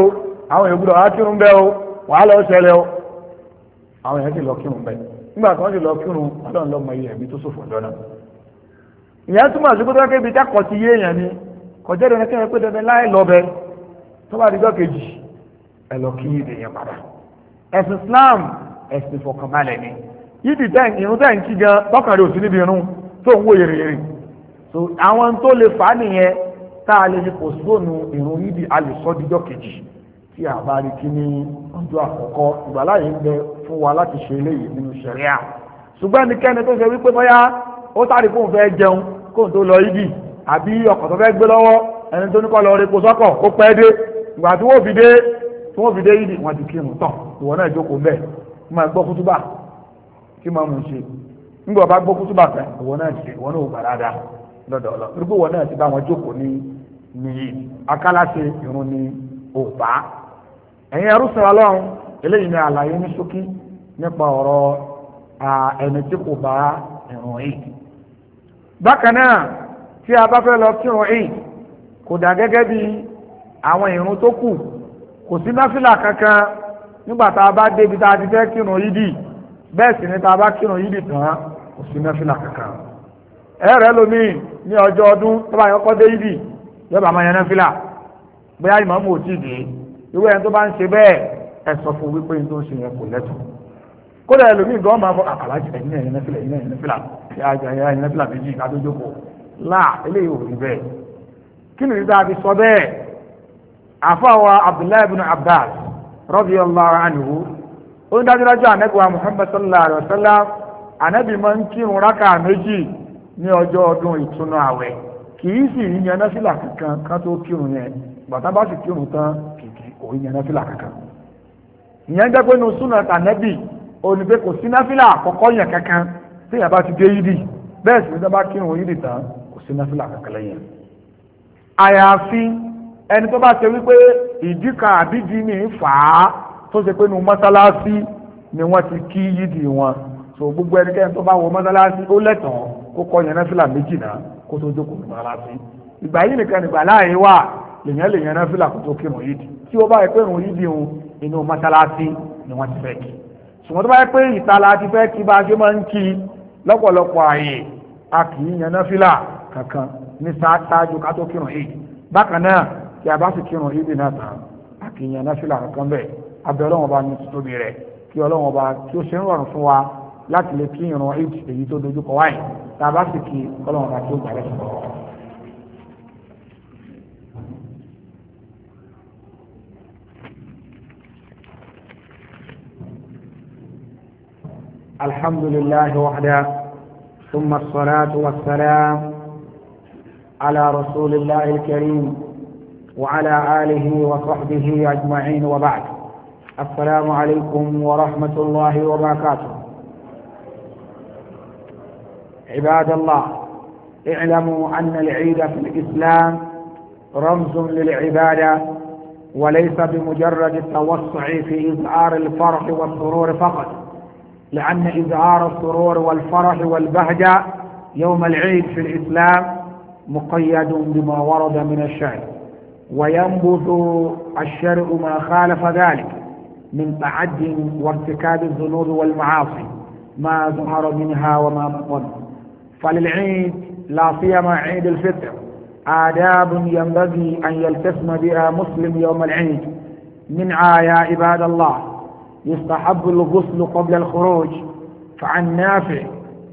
S1: àwọn èèyàn gbúdọ̀ wá kírun bẹ́ẹ̀ o wàá lọ ṣẹlẹ̀ o àwọn èèyàn sì lọ kírun nígbà tí wọ́n sì lọ kírun ọlọ́run iye ẹ̀mí tó lọ́nà ìyẹn túmọ̀ sí pé tọ́kẹ́ ibi ti yé èèyàn ni kọjá pé dandan láì lọ ẹ̀sìn Islam ẹ̀sìn ìfọkànbalẹ̀ ni yídì tẹ́ irun tẹ́ ń kí gan tọkàn rẹ̀ ò sí níbi irun tó ń wò yèrèyèrè so àwọn tó lè fà á nìyẹn tá a lè fi pòsífóònù irun yídì a lè sọ díjọ́ kejì tí a bá rí kí ní ọjọ́ àkọ́kọ́ ìgbàláyé ń bẹ fún wa láti ṣe eléyìí nínú ṣẹ̀ríà ṣùgbọ́n ẹnikẹ́ni tó ṣe wípé bóyá ó sáré kóun fẹ́ jẹun kóun tó lọ yídì àbí ọkọ̀ tó fẹ́ gbé lọ́wọ́ ẹni tó ní kọ́ lọ rí kó sọ́kọ̀ ó pẹ́ dé ìgbà tí wọ́n fi dé tí wọ́n fi dé yídì wọ́n ti kírun tán ìwọ náà jókòó bẹ́ẹ̀ máa gbọ́ kútúbà kí máa mú ṣe nígbà bá gbọ́ kútúbà fẹ́ ìwọ náà ṣe ìwọ náà gbà dáadáa lọ́dọ̀ ọ̀lọ́ nígbà ìwọ náà ti bá wọn jókòó ní ní akálàṣe irun ní òbá ẹ̀yin ẹrú sọ̀rọ̀ eléyìí ni àlàyé ní ṣókí nípa ọ̀rọ̀ ẹni tí kò bá ẹ̀rùn yìí bákan náà tí a bá fẹ́ lọ kírun yìí kò dà gẹ́gẹ́ bí àwọn ìrun tó kù kò sí náfìlà kankan nígbà tá a bá débi tá a ti fẹ́ kírun yídì bẹ́ẹ̀ sì ni tá a bá kírun yídì tán kò sí náfìlà kankan ẹ̀rẹ́ lomi ní ọjọ́ ọdún tó bá yẹ kọ́ dé yídì yọba máa yan náfìlà bóyá ìmọ̀ọ́mù ò tí ì dé irú ẹni tó bá ń ṣe bẹ́ẹ̀ ẹ sọ fún wípé ní tó ń ṣe yẹn kò lẹ́tọ̀ọ́ kódà ẹlòmíì gan máa fọ àkàlà jẹ ẹyin ẹyin nẹfìlà ẹyin ẹyin nẹfìlà ẹyin nẹfìlà méjì adójókòó láà eléyìí ò rí bẹ́ẹ̀ kí ni ìdá àti sọ bẹ́ẹ̀ àfọwọ́ Abdullahi ibn Abbas radiyallahu anhu ó ń dájúdájú ànábì wa muhammad sallallahu alayhi wa sallam ànábì máa ń kírun rákà méjì ní ọjọ́ ọdún ìtúnu àwẹ̀ kì í sì í yan náfìlà kankan kan tó kírun yẹn bàtà bá sì kírun tán kìkì òun yan náfìlà kankan ìyẹn jẹ́ pé inú súnà tànẹ́bì òní pé kò sí náfìlà àkọ́kọ́ yẹn kankan tí yàrá bá ti dé yídì bẹ́ẹ̀ sì ni tó kírun yídì tán kò sí náfìlà kankan lẹ́yìn àyàfi ẹni tó bá ṣe wípé ìdí kan àbídí ní fà á tó ṣe pé nu mọ́sálásí ni wọ́n ti kí yídì wọn so gbogbo ẹnikẹ́ni tó bá wọ mọ́sálásí ó lẹ́tọ̀ọ́ kó kọ́ yẹn náfìlà méjì náà kó tó jókòó ní mọ́sálásí ìgbà yìí nìkan nígbà láàyè wà lèyàn lèyàn náfìlà kó tó kírun yídì tí ó bá yẹ pé irun yídì òun inú mọ́sálásí ni wọ́n ti fẹ́ kí ṣùgbọ́n tó bá yẹ pé ìta la ti fẹ́ kí bá a ṣe máa ń kí lọ́pọ̀lọpọ̀ àyè a kì í yan náfìlà kankan ní sáà ṣáájú ká tó kírun yìí bákan náà tí a bá sì kírun ibi náà tán àkìyàn náṣílà kankan bẹ́ẹ̀ abẹ́ ọlọ́run ọba ní títóbi rẹ̀ kí ọlọ́run ọba kí ó ṣe ń rọrùn fún wa láti lè kí ìrun èyí èyí tó dojúkọ wáyé tá a bá sì kí ọlọ́run ọba kí gbàlẹ́ sọ̀rọ̀. الحمد لله وحده ثم الصلاة والسلام على رسول الله الكريم وعلى آله وصحبه أجمعين وبعد السلام عليكم ورحمة الله وبركاته عباد الله اعلموا أن العيد في الإسلام رمز للعبادة وليس بمجرد التوسع في إظهار الفرح والسرور فقط لأن إظهار السرور والفرح والبهجة يوم العيد في الإسلام مقيد بما ورد من الشعر وينبث الشرع ما خالف ذلك من تعد وارتكاب الذنوب والمعاصي ما ظهر منها وما بطن فللعيد لا سيما عيد الفطر آداب ينبغي أن يلتزم بها مسلم يوم العيد منها يا عباد الله يستحب الغسل قبل الخروج فعن نافع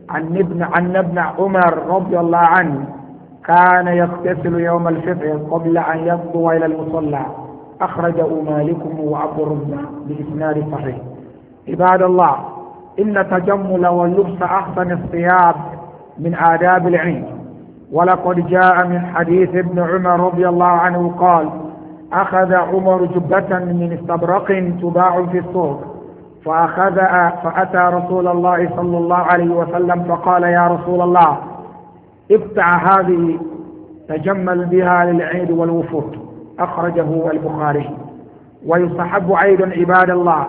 S1: عن ابن عن ابن عمر رضي الله عنه كان يغتسل يوم الفطر قبل أن يغدو إلى المصلى أخرجه مالك وعبد الرزاق بإسناد صحيح عباد الله إن تجمل ولبس أحسن الثياب من آداب العين ولقد جاء من حديث ابن عمر رضي الله عنه قال أخذ عمر جبة من استبرق تباع في السوق فأخذها فأتى رسول الله صلى الله عليه وسلم فقال يا رسول الله ابتع هذه تجمل بها للعيد والوفود أخرجه البخاري ويستحب عيد عباد الله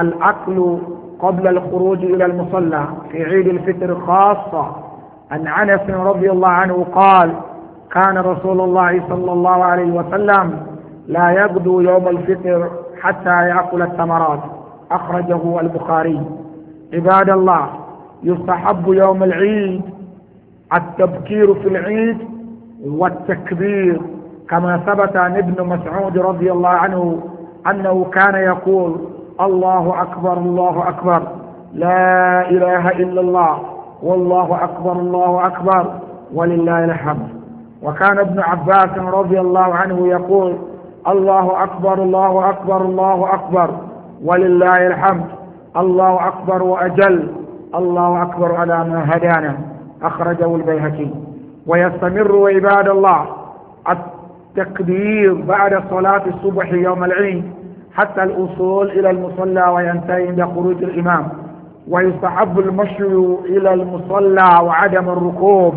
S1: الأكل قبل الخروج إلى المصلى في عيد الفطر خاصة عن أنس رضي الله عنه قال كان رسول الله صلى الله عليه وسلم لا يغدو يوم الفطر حتى يأكل الثمرات أخرجه البخاري عباد الله يستحب يوم العيد التبكير في العيد والتكبير كما ثبت عن ابن مسعود رضي الله عنه أنه كان يقول الله أكبر الله أكبر لا إله إلا الله والله أكبر الله أكبر ولله الحمد وكان ابن عباس رضي الله عنه يقول الله أكبر الله أكبر الله أكبر ولله الحمد الله أكبر وأجل الله أكبر على ما هدانا أخرجه البيهقي ويستمر عباد الله التكبير بعد صلاة الصبح يوم العيد حتى الوصول إلى المصلى وينتهي عند خروج الإمام ويستحب المشي إلى المصلى وعدم الركوب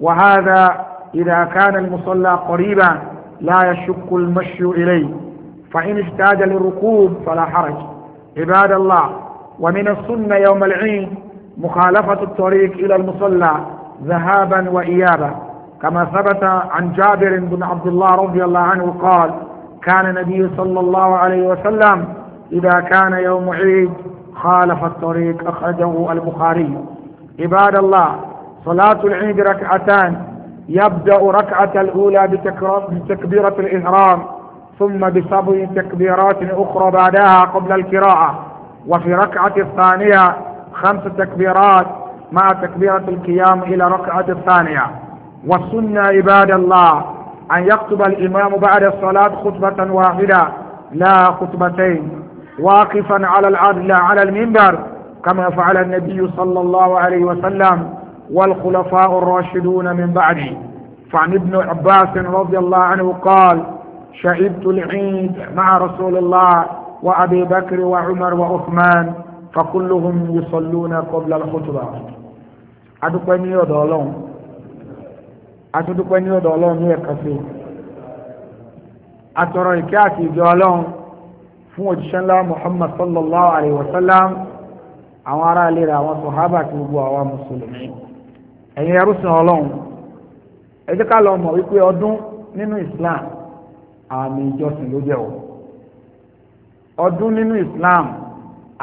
S1: وهذا إذا كان المصلى قريبا لا يشك المشي إليه فإن احتاج للركوب فلا حرج عباد الله ومن السنة يوم العيد مخالفة الطريق إلى المصلى ذهابا وإيابا كما ثبت عن جابر بن عبد الله رضي الله عنه قال كان النبي صلى الله عليه وسلم إذا كان يوم عيد خالف الطريق أخرجه البخاري عباد الله صلاة العيد ركعتان يبدأ ركعة الأولى بتكبيرة الإحرام ثم بصبغ تكبيرات أخرى بعدها قبل القراءة وفي ركعة الثانية خمس تكبيرات مع تكبيرة القيام إلى ركعة الثانية والسنة عباد الله أن يخطب الإمام بعد الصلاة خطبة واحدة لا خطبتين واقفا على العدل على المنبر كما فعل النبي صلى الله عليه وسلم والخلفاء الراشدون من بعده فعن ابن عباس رضي الله عنه قال شهدت العيد مع رسول الله وأبي بكر وعمر وعثمان fakulluhum yusalluna qabla al-khutbah adúpẹ́ ní ọ̀dọ̀ ọlọ́run atúndúpẹ́ ní ọ̀dọ̀ ọlọ́run ní ẹ̀ka sí atọ̀rọ̀ ìkẹ́ àti ìjọ ọlọ́run muhammad sallallahu alayhi wa sallam àwọn ará ilé rẹ̀ àwọn sọ̀hábà gbogbo àwa mùsùlùmí ẹ̀yin ẹrúsìn ọlọ́run ẹ ká lọ mọ̀ wípé ọdún nínú islam àmì ìjọsìn ló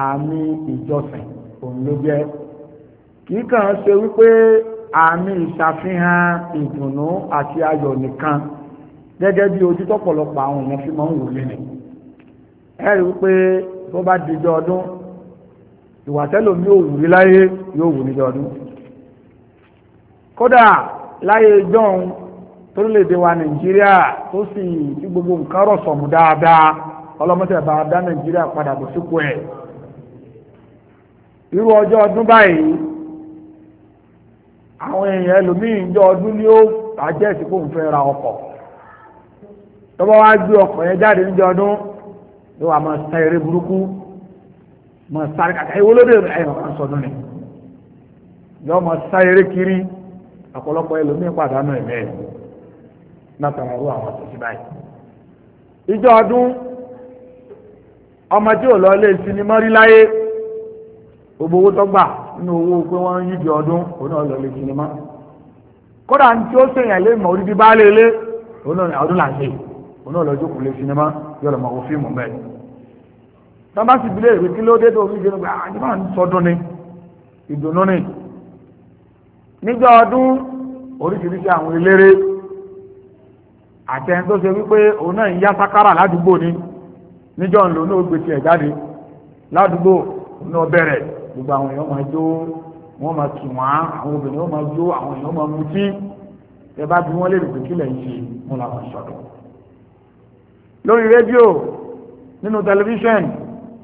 S1: àmì ìjọsìn òun ló jẹ́ kìí kàn ṣe wípé àmì ìṣàfihàn ìdùnnú àti ayọ̀ nìkan gẹ́gẹ́ bí ojú tọ́pọ̀lọpọ̀ àwọn èèyàn fi máa ń wòye nì ẹ rí wípé tó bá dijọ́ ọdún ìwà tẹ́lòmí ò wùrí láyé yóò wù níjọ́ ọdún kódà láyé ìjọ́un torílẹ̀ wa nàìjíríà tó sì tí gbogbo nǹkan rọ̀ sọ̀mù dáadáa ọlọ́mọdé bá dá nàìjíríà padà bọ̀ sípò ẹ̀ irú ọjọ́ ọdún báyìí àwọn èèyàn ẹlòmíì ń jọ ọdún ni ó àjẹsí kó ń fẹ́ ra ọkọ̀ tọ́wọ́ wá gbé ọkọ̀ yẹn jáde ń ọdún ló wà máa sa eré burúkú máa sáré kàkà lóde ẹ̀yàn kan sọdún ni yọ máa sa eré kiri ọ̀pọ̀lọpọ̀ ẹlòmíì pàdánù ẹ̀mí ẹ̀ látara irú àwọn àtúnṣe báyìí. ìjọ ọdún gbogbo owó tọ́gbà nínú owó pé wọ́n ń yíbi ọdún òun náà lọ lè sinimá kódà ní tí ó sèyàn lé mọ̀ orídìí bá lé lé òun náà ọdún là ń ṣe òun náà lọ jókòó lè sinimá yóò lọ mọ̀ wọ fíìmù mẹ́ẹ̀. tọ́ba sì bilé ìwé kí ló dé tó fi jẹun pé àti máa ń sọdún ni ìdùnnú ni. nígbà ọdún oríṣiríṣi àwọn eléré àtẹn tó ṣe wípé òun náà ń yá sákárà ládùúgbò ni níjọ́ ńlò náà gbèsè ẹ̀ jáde ládùúgbò òun náà bẹ̀rẹ̀ gbogbo àwọn èèyàn máa jó wọ́n máa kì wọ́n á àwọn obìnrin wọ́n máa jó àwọn èèyàn máa mutí ẹ bá bí wọ́n lè rò pé kí lẹ́yìn ṣe wọn làwọn ṣọ̀dọ̀. lórí rédíò nínú tẹlifíṣàn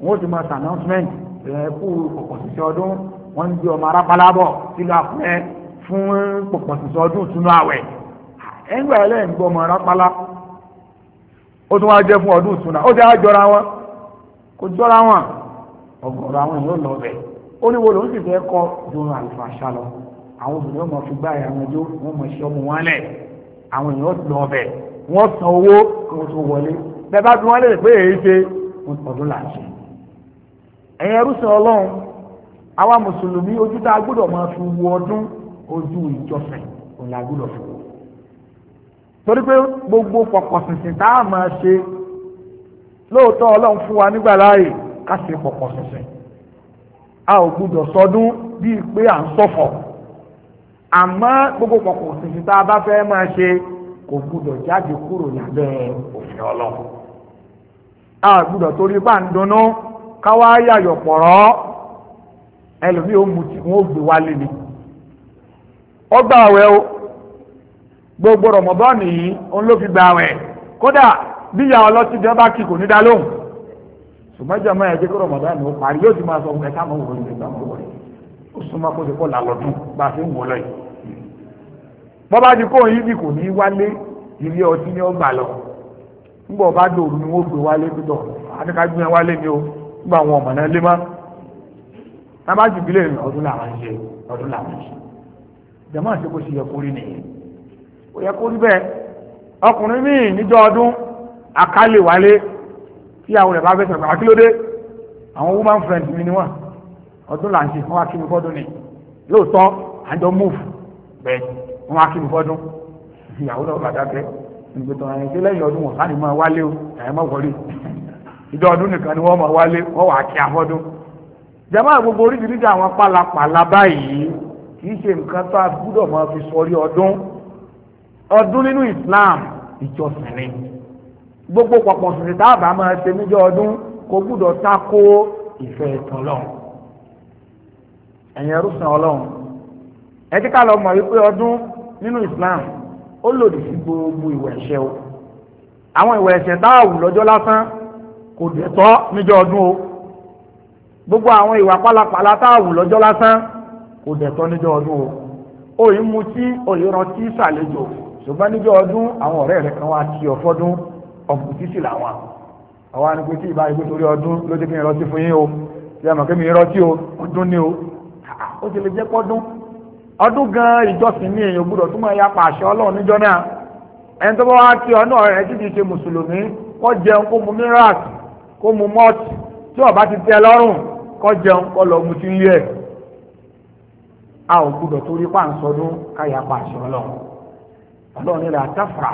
S1: wọ́n ti máa sànọ́símẹ́ǹt ẹ̀ kú pọ̀pọ̀ ọdún wọ́n ń gbé ọmọ arápalábọ̀ sílẹ̀ àfẹ́ fún pọ̀pọ̀ ọdún túnú àwẹ̀ ẹ̀ ń gbà ẹ̀ lẹ́yìn gbọ́ ọmọ arápalá ó tún wá jẹ́ fún ọdún ìtúná ó jẹ́ àjọra wọn kò jọra wọn ọ̀gọ̀rọ̀ àwọn èèyàn lọ bẹ̀ẹ́ oníwo ló ń sì fẹ́ kọ́ dùnrùn àlùfàṣà lọ àwọn obìnrin ọmọ fi gbá ẹ̀yà wọn jó wọn mọ̀ ṣe ọmọ wọn lẹ̀ àwọn èèyàn lọ ọbẹ̀ wọ́n san owó kí wọ́n tó wọlé bẹ́ẹ̀ bá fi wọ́n lè pé èyí ṣe wọ́n tọdún là ń ṣe. ẹ̀yin ẹrúsìn ọlọ́run àwa mùsùlùmí ojú tá a gbọ́dọ̀ máa fi wo ọdún ojú ìjọsìn òun la gbọ́dọ̀ fi wò. torí pé gbogbo pọ̀pọ̀ṣìnṣìn tá a máa ṣe lóòótọ́ ọlọ́run fún wa nígbà láàyè ká ṣe pọ̀pọ̀ṣìnṣìn a ò gbúdọ̀ sọdún bíi pé à ń ṣọ̀fọ̀ àmọ́ gbogbo pọ̀pọ̀ òsìsì tá a bá fẹ́ máa ṣe kò gbúdọ̀ jáde kúrò lábẹ́ a gbúdọ̀ torí bá ń dunnú káwá yàyọ̀ pọ̀rọ́ ẹlòmíì ó gbé ni ọgbà àwẹ̀ o gbogbo rọ̀mọ̀bọ́ọ̀nì yìí òun ló fi gbà àwẹ̀ kódà bíyà ọlọ́tí jọba kì kò ní dá lóhùn ṣùgbọ́n jàmáà yẹn jẹ́ kí parí yóò ti máa sọ ọmọ ẹ̀ káàmọ́ òun ní ìgbà ó súnmọ́ kó ti kọ́ fi ń bọ́ bá kó kò ní wálé ilé ọtí lọ wọ́n gbé wálé àdékájú yẹn wálé ni ó ọmọ náà lé ọdún làwọn ọdún làwọn tí àwọn rẹ̀ bá fẹ́ sọ̀rọ̀ àkílódé àwọn woman friend mi ni wọ́n ọdún là ń ṣe wọ́n wá kí mi fọ́dún ni lóòótọ́ àjọ move bẹ́ẹ̀ wọ́n wá kí mi fọ́dún ìyàwó náà bàtà kẹ́ ìgbìtàn ẹ̀yìn tí lẹ́yìn ọdún wọn láti máa wálé o ẹ̀yìn máa wọlé ìjọ ọdún nìkan ni wọ́n máa wálé wọ́n wà kí afọ́dún jàmáà gbogbo oríṣiríṣi àwọn pálapàla báyìí kì í ṣe nǹkan tó a gbúdọ̀ máa fi sọrí ọdún ọdún nínú Islam ìjọsìn ni gbogbo pọ̀pọ̀ sùnì táàbà máa ṣe níjọ́ ọdún kò gbúdọ̀ tako ìfẹ́ ẹ̀tàn ọlọ́run ẹ̀yìn ẹrúsàn ọlọ́run ẹ ti ká lọ mọ̀ wípé ọdún nínú Islam ó lòdì sí gbogbo ìwà ẹ̀ṣẹ̀ o àwọn ìwà ẹ̀ṣẹ̀ tá a wù lọ́jọ́ lásán kò dẹ̀ tọ́ níjọ́ ọdún o gbogbo àwọn ìwà pálapàla tá a wù lọ́jọ́ lásán kò dẹ̀ tọ́ níjọ́ ọdún o òyìn mutí òyìn rántí ṣàlejò ṣùgbọ́n níjọ́ ọdún àwọn ọ̀rẹ́ rẹ̀ kan wá kí ọ fọ́dún ọ̀pùtísì làwọn àwọn anìkú tí ìbá ìgbé torí ọdún ló ti fi ìrọtí fún o tí a mọ̀ kí mi ìrọtí o ọdún ni o ó ti lè jẹ́ pọ́dún ọdún gan ìjọsìn ní èèyàn gbúdọ̀ tó máa ya àṣẹ ọlọ́run níjọ́ náà ẹni tó bá wá tí ọ̀nà rẹ̀ ti di ṣe mùsùlùmí jẹun kó mu kó mu mọ́t a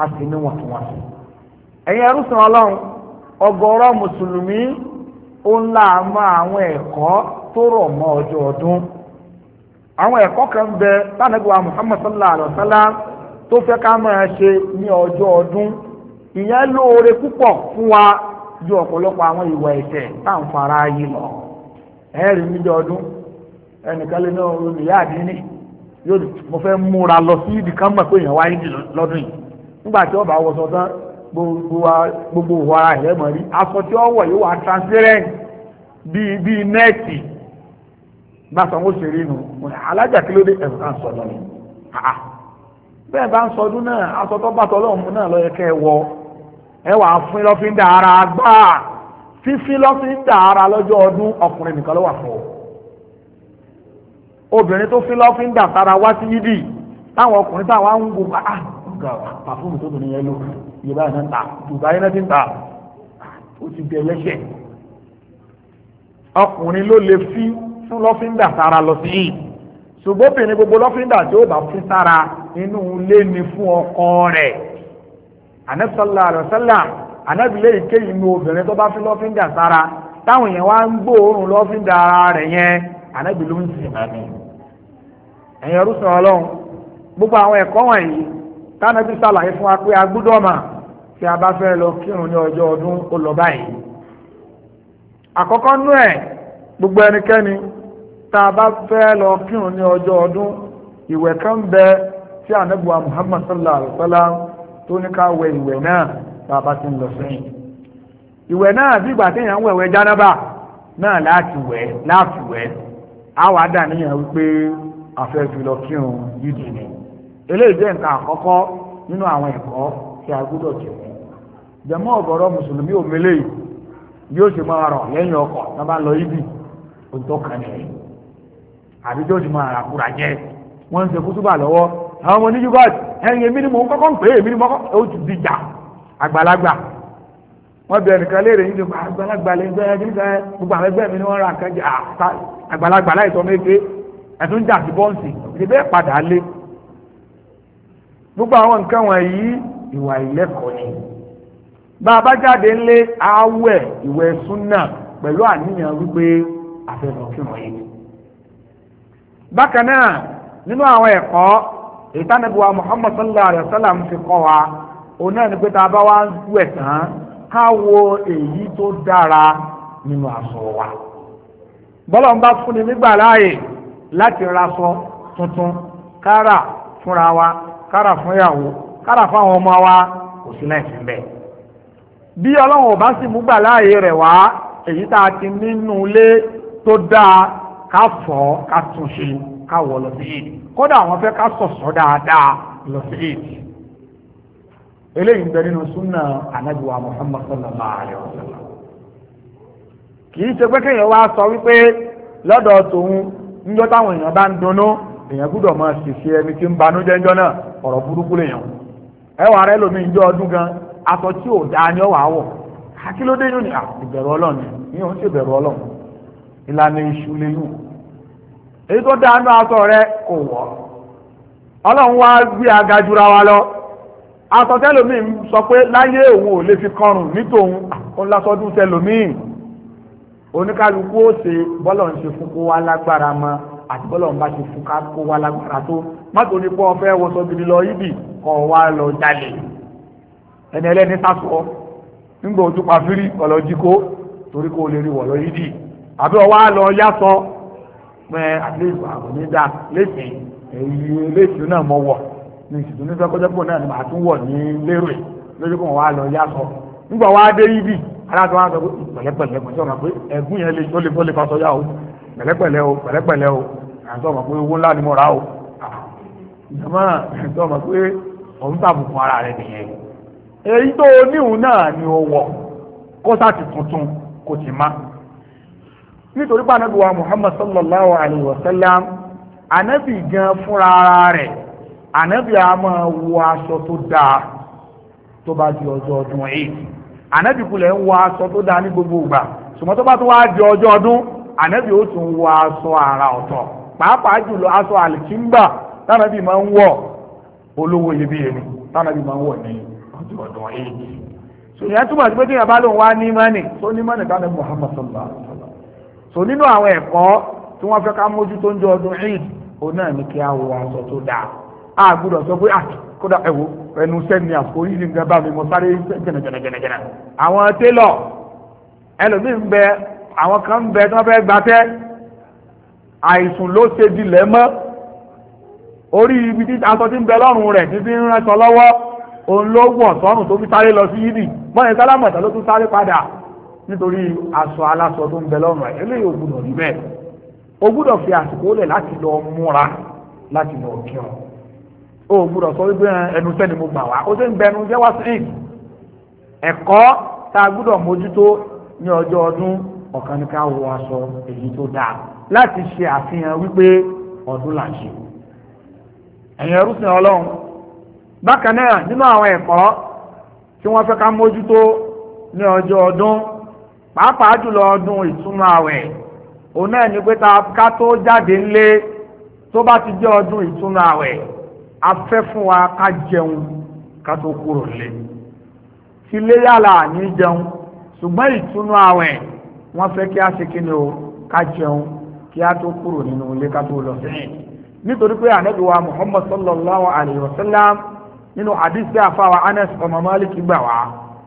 S1: ká sí níwọ̀ntúnwọ̀nsì ẹ̀yin ẹrúsìn ọlọ́run ọgọ́rọ́ mùsùlùmí ó ń là mọ́ àwọn ẹ̀kọ́ tó rọ̀ mọ́ ọjọ́ ọdún àwọn ẹ̀kọ́ kan bẹ tánàgbà sallallahu tó fẹ́ ká máa ṣe ní ọjọ́ ọdún ìyẹn lóore púpọ̀ fún wa ju ọ̀pọ̀lọpọ̀ àwọn ìwà ẹ̀ṣẹ̀ tá à ń fara yìí lọ ẹ̀rí níjọ ọdún ẹnìkan lé náà yóò nígbà tí ó gbogbo òwò ara mọ̀ rí aṣọ tí ó wọ̀ yóò wà transparent bíi bíi nẹ́ẹ̀tì bá alájà kí ló dé ni bẹ́ẹ̀ bá ń sọdún náà aṣọ tó bá tọ́lọ́mù náà lọ́yẹ kẹ́ ẹ wọ ẹ wàá fún lọ́fíńdà ara ara lọ́jọ́ ọdún ọkùnrin nìkan ló wà fún fín tara wá nǹkan pàfúùmù tó bìnrin yẹn lò yẹ báyìí náà ta dùbà yẹn náà ti ń ta ó ti di ẹlẹ́ṣẹ̀ ọkùnrin ló lè fi fún lọ́fíńdà sára lọ sí yìí ṣùgbọ́n obìnrin gbogbo lọ́fíńdà tí ó bá fi sára inú ilé ni fún ọkọ rẹ̀ Ànábì sallallahu alaihi wasallam anábìlẹ̀ ìkéyìí nu obìnrin tó bá fi lọ́fíńdà sára táwọn èèyàn wá ń gbóòórùn lọ́fíńdà ara rẹ̀ yẹn anábìlẹ̀ ń sìn mọ́ mi ẹ̀yin ọdún gbogbo àwọn ẹ̀kọ́ wọ̀nyí tánàbí sàlàyé fún wa pé a gbúdọ̀ mà tí a bá fẹ́ lọ kírun ní ọjọ́ ọdún ó lọ báyìí gbogbo ẹnikẹ́ni tá a bá fẹ́ lọ kírun ní ọjọ́ ọdún ìwẹ̀ kan bẹ tí Muhammad sallallahu alaihi wa sallam tó ní ká wẹ ìwẹ̀ náà tá a bá ti ń lọ sẹ́yìn ìwẹ̀ náà bí ìgbà téèyàn ń wẹ̀wẹ̀ jánábà náà eléyìí jẹ́ nǹkan àkọ́kọ́ nínú àwọn ẹ̀kọ́ tí a gbọ́dọ̀ jẹ́ wọn jẹmọ́ ọ̀gọ̀rọ̀ mùsùlùmí òmìnirè yóò ṣe máa rọ̀ lẹ́yìn ọkọ̀ tó bá lọ ibi òtò kan ẹ̀ àbí yóò ṣe máa rà kúra jẹ́ wọ́n ń ṣe kútúbà lọ́wọ́ àwọn ọmọ oníjú bá ẹ̀yìn èmi ni mò ń kọ́kọ́ ń pè é èmi ni mọ́kọ́ ó ti di jà àgbàlagbà wọ́n bẹ̀rẹ̀ nìkan léèrè yín nípa àgbàlagbà lè gbẹ́ ẹgbẹ́ nípa gbogbo àwọn ẹgbẹ́ mi ni wọ́n ra nǹkan jà àgbàlagbà láì sọ méje ẹ̀tún jà sí bọ́ǹsì ìdíbẹ́ padà lé gbogbo àwọn nǹkan wọ̀nyí ìwà ìlẹ́kọ̀ọ́ ni bá a bá jáde ńlé àwẹ̀ ìwẹ̀ súnà pẹ̀lú àníyàn wípé àfẹ́lọ́ kí wọ́n yé bákan náà nínú àwọn ẹ̀kọ́ ìtànàbíwá Muhammad sallallahu alayhi wa sallam fi kọ́ wa òun náà ni pé tá a bá wá ń wẹ̀ tán ká wo èyí tó dára nínú aṣọ wa bọ́lọ̀ ń bá fúnni nígbà láàyè láti raṣọ tuntun kára fúnra wa kára fún ìyàwó kára fún àwọn ọmọ wa kò sí náà ìfún bẹ́ẹ̀. bí ọlọ́run ò bá sì mú gbà láàyè rẹ̀ wá èyí tá a ti nínú ilé tó dáa ká fọ̀ ọ́ ká tún ṣe ká wọ̀ lọ sí èdè kódà àwọn fẹ́ ká sọ̀sọ́ dáadáa lọ sí èdè. eléyìí ń bẹ nínú súnà anábìwá Muhammad sallallahu alayhi wa sallam kì í ṣe pé kéèyàn wá sọ wípé lọ́dọ̀ tòun níjọ́ táwọn èèyàn bá ń dunnú èèyàn gbúdọ̀ máa ṣèṣe ẹni tí ń banújẹ́ ńjọ́ náà ọ̀rọ̀ burúkú lèèyàn ẹwà rẹ lómi ìjọ ọdún gan aṣọ tí ò dáa ní ọwà wọ. akílódé yóò ní ìbẹ̀rù ọlọ́run ni yóò ń ṣèbẹ̀rù ọlọ́run ìlànà ìṣù lẹ́yìn èyí tó dáa aṣọ rẹ kò wọ̀ ọlọ́run gbé aga jura wa lọ aṣọ sọ pé láyé òun ò lè fi kọrùn ó ó ṣe bọ́lọ̀ ń àti bọ́lọ̀ ń bá ti fún ká kó wá lágbára tó má tó ní pọ́ ọ fẹ́ wọṣọ gidi lọ yíbì kọ́ wá lọ jalè ẹni ẹlẹ́ni sásọ nígbà ojú pa fírí ọ̀lọ́ jí kó torí kó lè rí wọ̀ lọ yídì àbí ọ wá lọ yásọ pẹ́ àlejò àbòmídà lẹ́sìn èyí lẹ́sìn náà mọ̀ wọ̀ ní ìṣètò ní sọ́kọ́jọ́pọ̀ náà ni màá tún wọ̀ ní lérò ẹ̀ lójú kó wá lọ yásọ nígbà wá dé yídì aláàtọ̀ wá sọ pé pẹ̀lẹ́pẹ̀lẹ́ pẹ̀lẹ́ ọ̀nà pé pẹ̀lẹ́pẹ̀lẹ́ o pẹ̀lẹ́pẹ̀lẹ́ o àtọ́mọ̀ pé owó ńlá ni mo rà ó ìjọba àtọ́mọ̀ pé òun tàbùkù ara rẹ̀ nìyẹn èyí tó oníhùn náà ni ó wọ̀ kó sáti tuntun kò sì má nítorí pé anábì Muhammad sallallahu Alaihi Wasallam sallam anábì gan fúnra ara rẹ̀ anábì a máa wọ aṣọ tó dáa tó bá di ọjọ́ ọdún yìí anábì kulẹ̀ ń wọ aṣọ tó dáa ní gbogbo ìgbà ṣùgbọ́n tó bá tó wá di ọjọ́ ọdún anábì ó tún wọ aṣọ àrà ọ̀tọ̀ pàápàá jùlọ aṣọ àlìkíńgbà tánàbí máa ń wọ̀ olówó iyebíye ni tánàbí máa ń wọ̀ ní ọjọ́ ọdún èyí sòyìn túmọ̀ sí pé tí yàrá lòun wá ní mọ́nì tó ní mọ́nì tánàbí Muhammad sallallahu alaihi wasallam so nínú àwọn ẹ̀kọ́ tí wọ́n fẹ́ ká mójútó ń jọ ọdún eid òun náà ní kí á wọ aṣọ tó dáa gbúdọ̀ sọ pé ah, kódà ẹ̀wò ẹnu àpò yìí bá mi sáré jẹnẹjẹnẹjẹnẹjẹnẹ àwọn àìsùn ló ṣe dilẹ̀ mọ́ orí ibi tí aṣọ tí ń bẹ lọ́rùn rẹ̀ títí ń ránṣọ lọ́wọ́ òun ló wọ̀ sọ́rùn tó fi sáré lọ sí yídì mọ́ni sálámọ̀tà ló tún sáré padà nítorí aṣọ aláṣọ tó ń bẹ lọ́rùn rẹ̀ eléyìí ò gbúdọ̀ rí bẹ́ẹ̀ o gbúdọ̀ fi àsìkò lẹ̀ láti lọ múra láti lọ kírun o gbúdọ̀ sọ wípé ẹnu sẹ́ni mo gbà wá o ṣe ń bẹ ẹnu jẹ́wọ́ sí ẹ̀kọ́ tá a gbúdọ̀ mójútó ní ọjọ́ ọdún ọ̀kan ní ká wọ aṣọ èyí tó dáa láti ṣe àfihàn wípé ọdún là ń ṣe ẹ̀yin ẹrúsìn ọlọ́run bákan náà nínú àwọn ẹ̀kọ́ tí wọ́n fẹ́ ká mójútó ní ọjọ́ ọdún pàápàá jùlọ ọdún ìtúnu àwẹ̀ òun náà ni pé ká tó jáde ńlé tó bá ti jẹ́ ọdún ìtúnu àwẹ̀ a fẹ́ fún wa ká jẹun ká tó kúrò lé tilé yàrá ní jẹun ṣùgbọ́n ìtúnu àwẹ̀ wọ́n fẹ́ kí a ṣe kí ni o ká jẹun kí a tó kúrò nínú ilé ká tó lọ sẹ́yìn nítorí pé wa muhammad sallallahu alayhi wa sallam nínú anas ọmọ málìkì gbà wá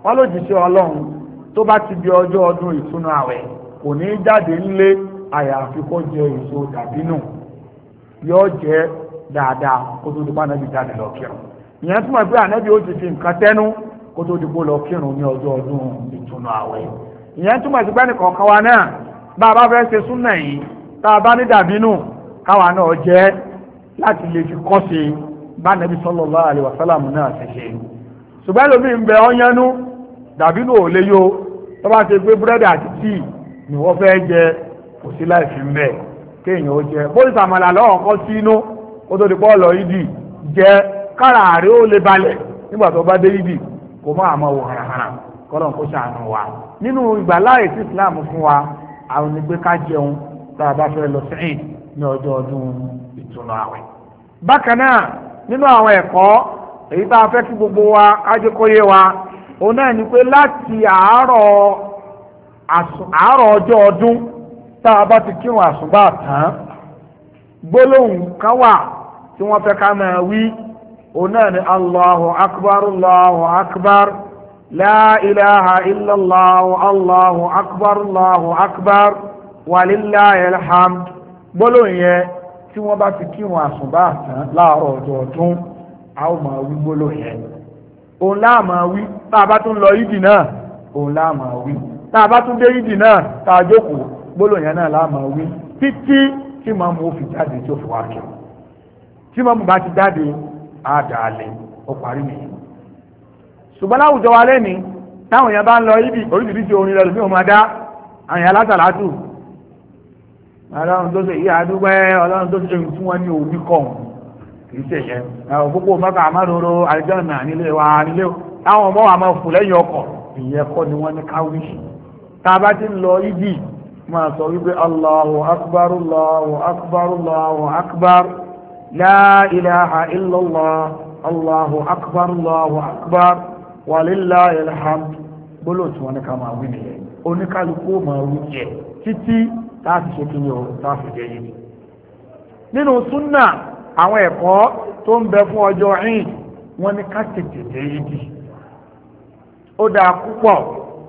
S1: wọn ló jíṣẹ́ ọlọ́run tó bá ti di ọjọ́ ọdún ìtúnu àwẹ̀ kò ní í jáde nílé àyàfi kó jẹ èso dàbínù yóò jẹ dáadáa kó tó dupá ànábì jáde lọ kírun ìyẹn túmọ̀ pé ó ti fi nǹkan tẹ́nu kó tó tá bá ní dàbínú káwa náà jẹ́ láti lè fi kọ́ sí bánàbí sallallahu alaihi náà ti ṣe ṣùgbọ́n lómi ń bẹ ọ́yánú dàbínú ò lè yó tó bá ti gbé búrẹ́dì àti tí ni wọ́n fẹ́ jẹ kò sí láì kéèyàn ó jẹ di jẹ kára ó lè balẹ̀ wa nínú ìgbàláyè Islam fún wa àwọn onígbé ká jẹun tá a bá fẹ́ lọ sí Eid ní ọjọ́ ọdún ìtúnu àwẹ̀. bákan náà nínú àwọn ẹ̀kọ́ èyí tá a fẹ́ kí gbogbo wa kájókòyé wa òun náà ni pé láti àárọ̀ àárọ̀ ọjọ́ ọdún tá a bá ti kírun àsùbá tán gbólóhùn kan wà tí wọ́n fẹ́ ká máa wí òun náà ni allahu akbar allahu akbar la illallah allahu akbar allahu akbar walillahi alhamd gbólóhùn yẹn tí wọ́n bá ti kírun àsùnbà tán láàárọ̀ ọjọ́ ọdún a ó máa wí gbólóhùn yẹn òun láà máa wí tá a bá tún lọ yídì náà òun láà máa wí tá a bá tún dé yídì náà tá a jókòó gbólóhùn yẹn náà láà máa wí títí tí màmú ó fi jáde tó fi wá kírun tí màmú bá ti jáde á dà á lẹ ó parí nìyẹn ṣùgbọ́n láwùjọ wa lẹ́ni táwọn èèyàn bá ń lọ yídì oríṣiríṣi orin rẹ̀ lómi ò máa dá àwọn èèyàn látàlátù ọlọ́run tó ṣe ìyá àdúgbẹ́ ọlọ́run tó ṣe fún wọn ní òbí kọ̀ọ̀n kìí ṣe yẹn òpópó mọ́kà amáròrò àjọ́nà nílé wa nílé táwọn ọmọ wa máa fò lẹ́yìn ọkọ̀ ìyẹn kọ́ ni wọ́n ní káwí tá a bá ti ń lọ ibi máa sọ wípé allahu akbar allahu akbar allahu akbar la ilaha allahu akbar allahu akbar walillahi alhamd gbólóòtú wọn ní ká máa wí nìyẹn oníkálukú máa wí jẹ títí láti ṣe kí ni o láti jẹ yìí nínú súnà àwọn ẹ̀kọ́ tó ń bẹ fún ọjọ́ yìí wọ́n ní ká tètè dé yìí ó dáa púpọ̀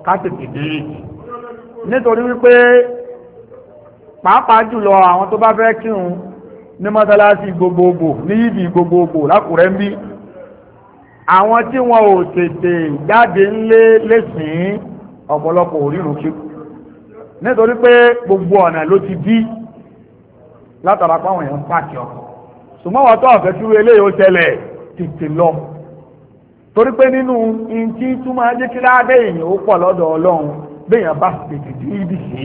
S1: ká tètè dé yìí nítorí wípé pàápàá jùlọ àwọn tó bá fẹ́ kírun ní mọ́sálásí gbogbogbò ní yìí gbogbogbò lákùrẹ́ ń bí àwọn tí wọn ò tètè jáde ńlé lẹ́sìn ọ̀pọ̀lọpọ̀ orírun kíkù nítorí pé gbogbo ọ̀nà ló ti dí látara pàwọn èèyàn pàṣẹ ọkọ̀ ṣùgbọ́n wọ́n tó ọ̀fẹ́ kí eléyìí ó ṣẹlẹ̀ tètè lọ torí pé nínú ìntí túmọ̀ ajé kí ládé èèyàn ó pọ̀ lọ́dọ̀ ọlọ́run béèyàn bá tètè dí ibi sí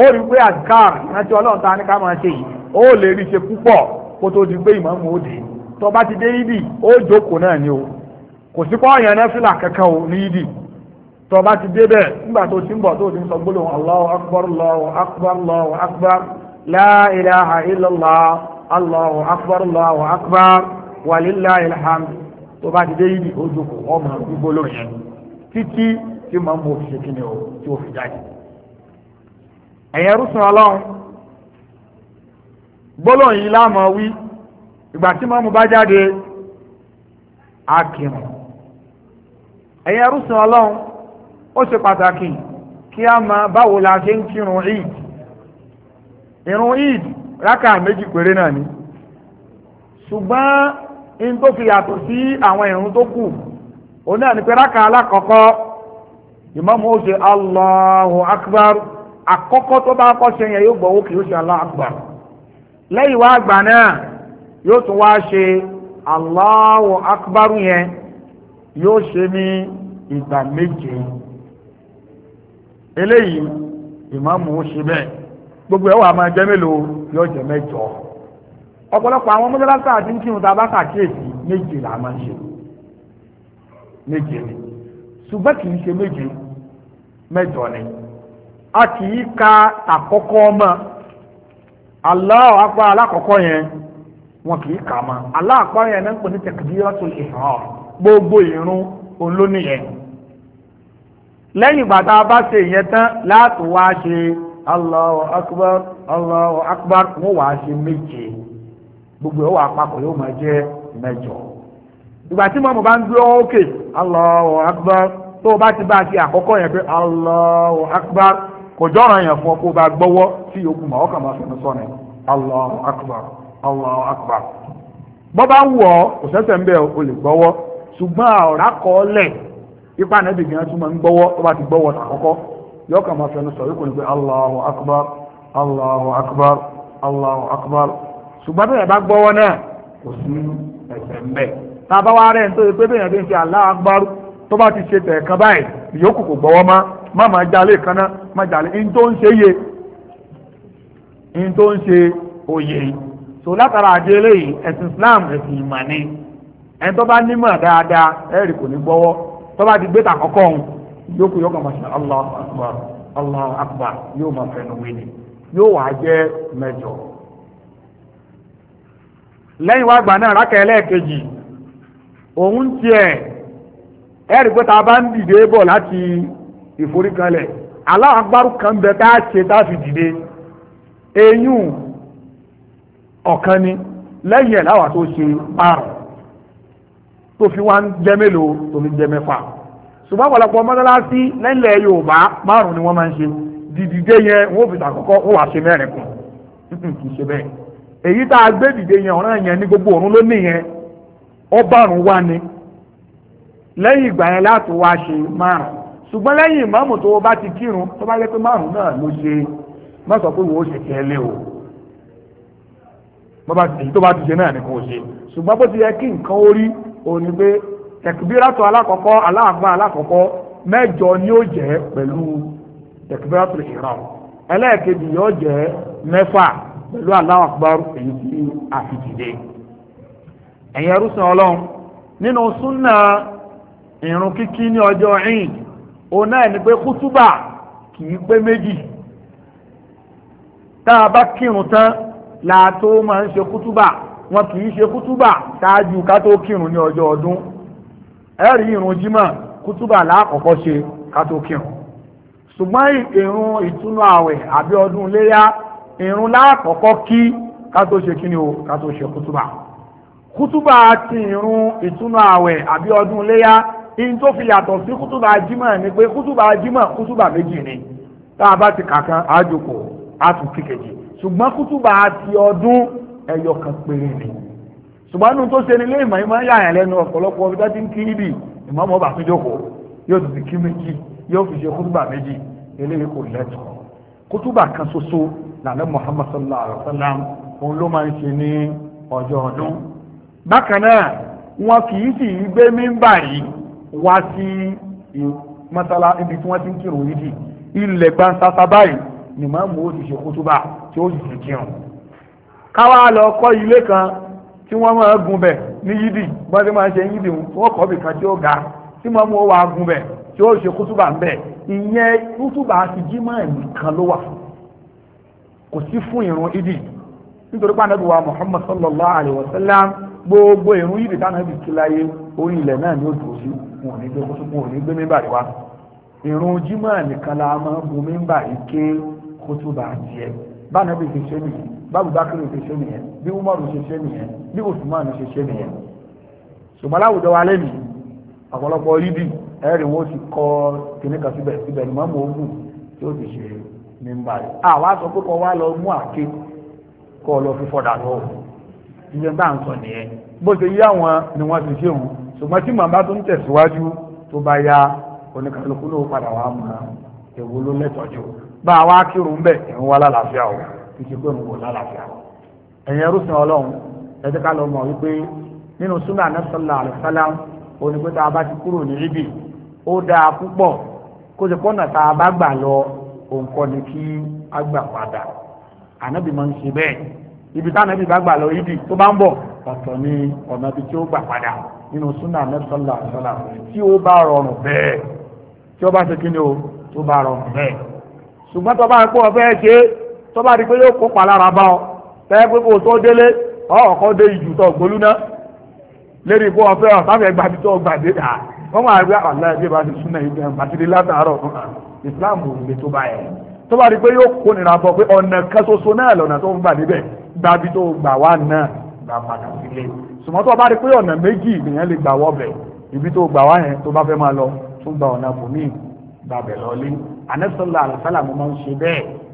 S1: ó rí pé àdìkàr ìrántí ọlọ́run ta ní ká máa ṣe yìí ó lè rí ṣe púpọ̀ kó tó di pé ìmọ̀ọ́mù ó dé tó bá ti dé ibi ó jókòó náà ni o kò sí pọ́ọ̀yàn náà fìlà kankan o ní ibi tó bá ti débẹ̀ nígbà tó ti ń bọ̀ tó ti ń sọ gbólóhùn Allahu akbar Allahu akbar Allahu akbar ilaha illallah Allahu akbar Allahu akbar walillahil ilham tó bá ti dé yìí ó jókòó ọmọ gbólóhùn yẹn títí tí o tí ó fi jáde. rúṣun ọlọ́run gbólóhùn yìí láàmú wí ìgbà tí ó se pàtàkì kí a máa báwo la ṣe ń kírun eid irun eid rákà méjì péré náà ni ṣùgbọ́n in tó fi yàtọ̀ sí àwọn irun tó kù òun náà ni pé rákà alákọ̀ọ́kọ́ ìmáàmù ó ṣe allahu akbar àkọ́kọ́ tó bá kọ́ ṣe yẹn yóò gbọ́wọ́ kì yóò ṣe allahu akbar lẹ́yìn wá àgbà náà yóò tún wá allahu akbar yẹn yóò ṣe ní ìgbà méje eléyìí ìmáàmù ó ṣe bẹ́ẹ̀ gbogbo ẹ̀ wà máa jẹ́ mélòó yóò jẹ́ mẹ́jọ ọ̀pọ̀lọpọ̀ àwọn mọ́sálásí àti kírun tá a bá kàkíyèsí méje là máa ń ṣe méje ni ṣùgbọ́n kì í ni a kì ka àkọ́kọ́ mọ́ ala akbar alákọ̀ọ́kọ́ yẹn wọn kì í kà mọ́ Allahu akbar yẹn náà ń pè ní gbogbo ìrun òun lẹ́yìn ìgbà tá a bá ṣe ìyẹn tán láti wá ṣe Allahu akbar Allahu akbar gbogbo ẹ̀ wà yóò máa jẹ́ mẹ́jọ ìgbà tí mọ́mọ́ bá ń dúró ókè Allahu akbar tó o bá ti bá a ṣe àkọ́kọ́ yẹn pé Allahu akbar kò jọ́ràn yẹn fún ọ kó o bá gbọ́wọ́ tí yòókù mọ̀ ọ́kàn máa fẹnu sọ́ni Allahu akbar Allahu akbar bọ́ bá ọ́ kò sẹ́sẹ̀ o gbọ́wọ́ ipa ànábì gan tún máa ń gbọ́wọ́ tó bá ti gbọ́wọ́ àkọ́kọ́ yóò kàn máa fẹnu sọ yóò pé Allahu akbar Allahu akbar Allahu akbar ṣùgbọ́n tó yẹ bá gbọ́wọ́ náà kò sí ẹ̀ṣẹ̀ ń bẹ̀ tá a bá wá rẹ̀ nítorí pé bẹ́ẹ̀ yẹn fi Allahu akbar tó bá ti ṣe tẹ̀ kan báyìí ìyókù kò gbọ́wọ́ má má máa jalè kan má jalè in tó ń ṣe yé in tó ń ṣe òye so látara àdé ẹ̀sìn Islam ẹ̀sìn ìmọ̀ ni tó bá nímọ̀ dáadáa ẹ̀rì kò ní gbọ́wọ́ tọ́ba ti gbé tàkọ́kọ́ òun yókù yóò kàn máa ṣe allah akbar allah akbar yóò máa fẹnu wí yóò wá jẹ́ mẹ́jọ. lẹ́yìn wá gbà náà ẹlẹ́ẹ̀kejì òun tiẹ̀ ẹ̀rí pé a bá ń dìde bọ̀ láti ìforíkanlẹ̀ kan bẹ tá a ṣe tá a fi dìde eyín ọ̀kan ni lẹ́yìn ẹ̀ tó fi wá ń jẹ́ mélòó tó fi jẹ́ mẹ́fà ṣùgbọ́n ọ̀pọ̀lọpọ̀ mọ́sálásí nílẹ̀ yorùbá márùn ni wọ́n máa ń ṣe dìdìde yẹn wọ́n fi tàkọ́kọ́ wọ́n wá ṣe mẹ́rin kù kì í ṣe bẹ́ẹ̀ èyí tá a gbé dìde yẹn ọ̀ràn yẹn ní gbogbo òrun ló nìyẹn ọbaàrún wá ni lẹ́yìn ìgbà yẹn láti wá ṣe márùn ṣùgbọ́n lẹ́yìn ìmáàmù tó bá ti kírun tó bá yẹ pé márùn náà ló ṣe má sọ pé wòó ṣe ṣe náà ni kò ṣe ṣùgbọ́n bó ti òní pé tẹ̀kíbíràtù alákọ̀ọ́kọ́ aláàbá alákọ̀ọ́kọ́ mẹ́jọ ni ó jẹ́ pẹ̀lú tẹ̀kíbíràtù ìhram ẹlẹ́ẹ̀kejì yóò jẹ́ mẹ́fà pẹ̀lú Allahu Akbar èyí tí a fi dìde ẹ̀yin ẹrúsìn ọlọ́run nínú súnà ìrun kíkí ní ọjọ́ Eid òun náà ni pé kútúbà kì í pé méjì tá a bá kírun tán làá tó máa ń ṣe kútúbà wọn kì í ṣe kútúbà ṣáájú ká tó kírun ní ọjọ́ ọdún ẹ̀rí ìrun jímọ̀ kútúbà láàkọ́kọ́ ṣe ká tó kírun ṣùgbọ́n ìrun ìtúnú àwẹ̀ àbí ọdún léyá ìrun láàkọ́kọ́ kí ká tó ṣe kíni o ká tó ṣe kútúbà kútúbà ti ìrun ìtúnú àwẹ̀ àbí ọdún léyá in tó fi yàtọ̀ sí kútúbà jímọ̀ ni pé kútúbà jímọ̀ kútúbà méjì ni tá a bá ti kàkan àjòkò á tún kíkejì ṣùgbọ́n kútúbà ti ọdún ẹyọ kan péré ni ṣùgbọ́n tó ṣe nílé ìmọ̀ ìmọ̀ yà yàn lẹ́nu ọ̀pọ̀lọpọ̀ ọbí dájú ń kí níbi ìmọ̀ ọmọ bàtún jókòó yóò ti kí méjì yóò fi ṣe kútùbà méjì eléyìí kò lẹ́tọ̀ọ́ kútùbà kan ṣoṣo lànà Muhammad sallallahu alaihi wa sallam òun ló máa ń ṣe ní ọjọ́ ọdún bákan náà wọn kì í sì gbé mímbà yìí wá sí mọ́sálá ibi tí wọ́n ti ń kírun yìí ilẹ̀ gbansasa báyìí ni màmú ó ti ṣe kútùbà tí ó sì ti kírun káwá lọ kọ́ ilé kan tí wọ́n máa gun bẹ̀ ní yídì wọ́n ti máa ṣe yídì wọ́n kọ́ bìkan tí ó ga tí wọ́n mú wa gun bẹ̀ tí ó ṣe kútùbà ń bẹ̀ ìyẹn kútùbà ti jí máa nìkan ló wà kò sí fún ìrun yídì nítorí pé anábì Muhammad sallallahu alayhi wa sallam gbogbo ìrun yídì tánábì kí láyé orí ilẹ̀ náà ni ó dùn sí wọn ò ní gbé kótó wọn ò ní gbé mímbà rí wa ìrun jímọ̀ nìkan la máa bu mímbà rí ké kótó bá tiẹ̀ bá anábì ti ṣe nìyí báwo bákìrì ṣe ṣe nìyẹn bí umaru ṣe ṣe nìyẹn bí usman ṣe ṣe nìyẹn ṣùgbọ́n láwùjọ wa lẹ́nu ọ̀pọ̀lọpọ̀ rídì ẹ̀rì wọn ti kọ́ kìnìkà síbẹ̀ síbẹ̀ ní mọ́mú ogun tí ó ti ṣe ní ń báyìí àwa sọ pé kọ́ wá lọ mú àké kọ́ lọ fi fọ́dà ìyẹn bá ń sọ nìyẹn bó ṣe yí àwọn ni wọ́n ti ṣe òun ṣùgbọ́n tí màmá tó ń tẹ̀síwájú tó bá yá oníkàlùkù ló padà wá mọ èwo ló lẹ́tọ̀ọ́jú bá a wá kírun bẹ́ẹ̀ ń wá lálàáfíà o. kì í pé òun kò lálàáfíà ọlọ́run ká lọ mọ̀ wípé nínú súnà anásọ́lá òní pé tá bá ti kúrò ní ibi ó dáa púpọ̀ kó ṣe pọ́nà tá a bá gbà lọ ni kí a gbà padà ànábì ṣe bẹ́ẹ̀ ibi tá ànábì bá gbà lọ tó bá ń bọ̀ ọ̀tọ̀ ni ọ̀nà o tó bá rọrùn bẹ́ẹ̀ ṣùgbọ́n tó tó bá di pé yóò kópa lára bá ọ tẹ́ pé kó o tó délé ọ̀ọ́kọ́ dé ìjù tó gbólú náà lérí kó ọ fẹ́ ọ̀sáfẹ́ gbàdí tó gbàdé dà wọ́n máa rí àwọn aláìsí bá ti súnmọ́ ìgbà àtìrí látàárọ̀ fún wa Islam ò lè tó bá yẹ tó bá di pé yóò kó nira bọ pé ọ̀nà kan ṣoṣo náà lọ́nà tó ń gbà níbẹ̀ gbàbí tó gbà wá náà gbà padà sílé ṣùgbọ́n tó bá di pé ọ̀nà méjì nìyẹn lè gbà wọ́bẹ̀ ibi tó gbà wá yẹn tó bá fẹ́ máa lọ tún gba ọ̀nà bòmíì gbàbẹ̀ lọ́lé anẹ́sọ̀lá àlùfálà mo máa ń ṣe bẹ́ẹ̀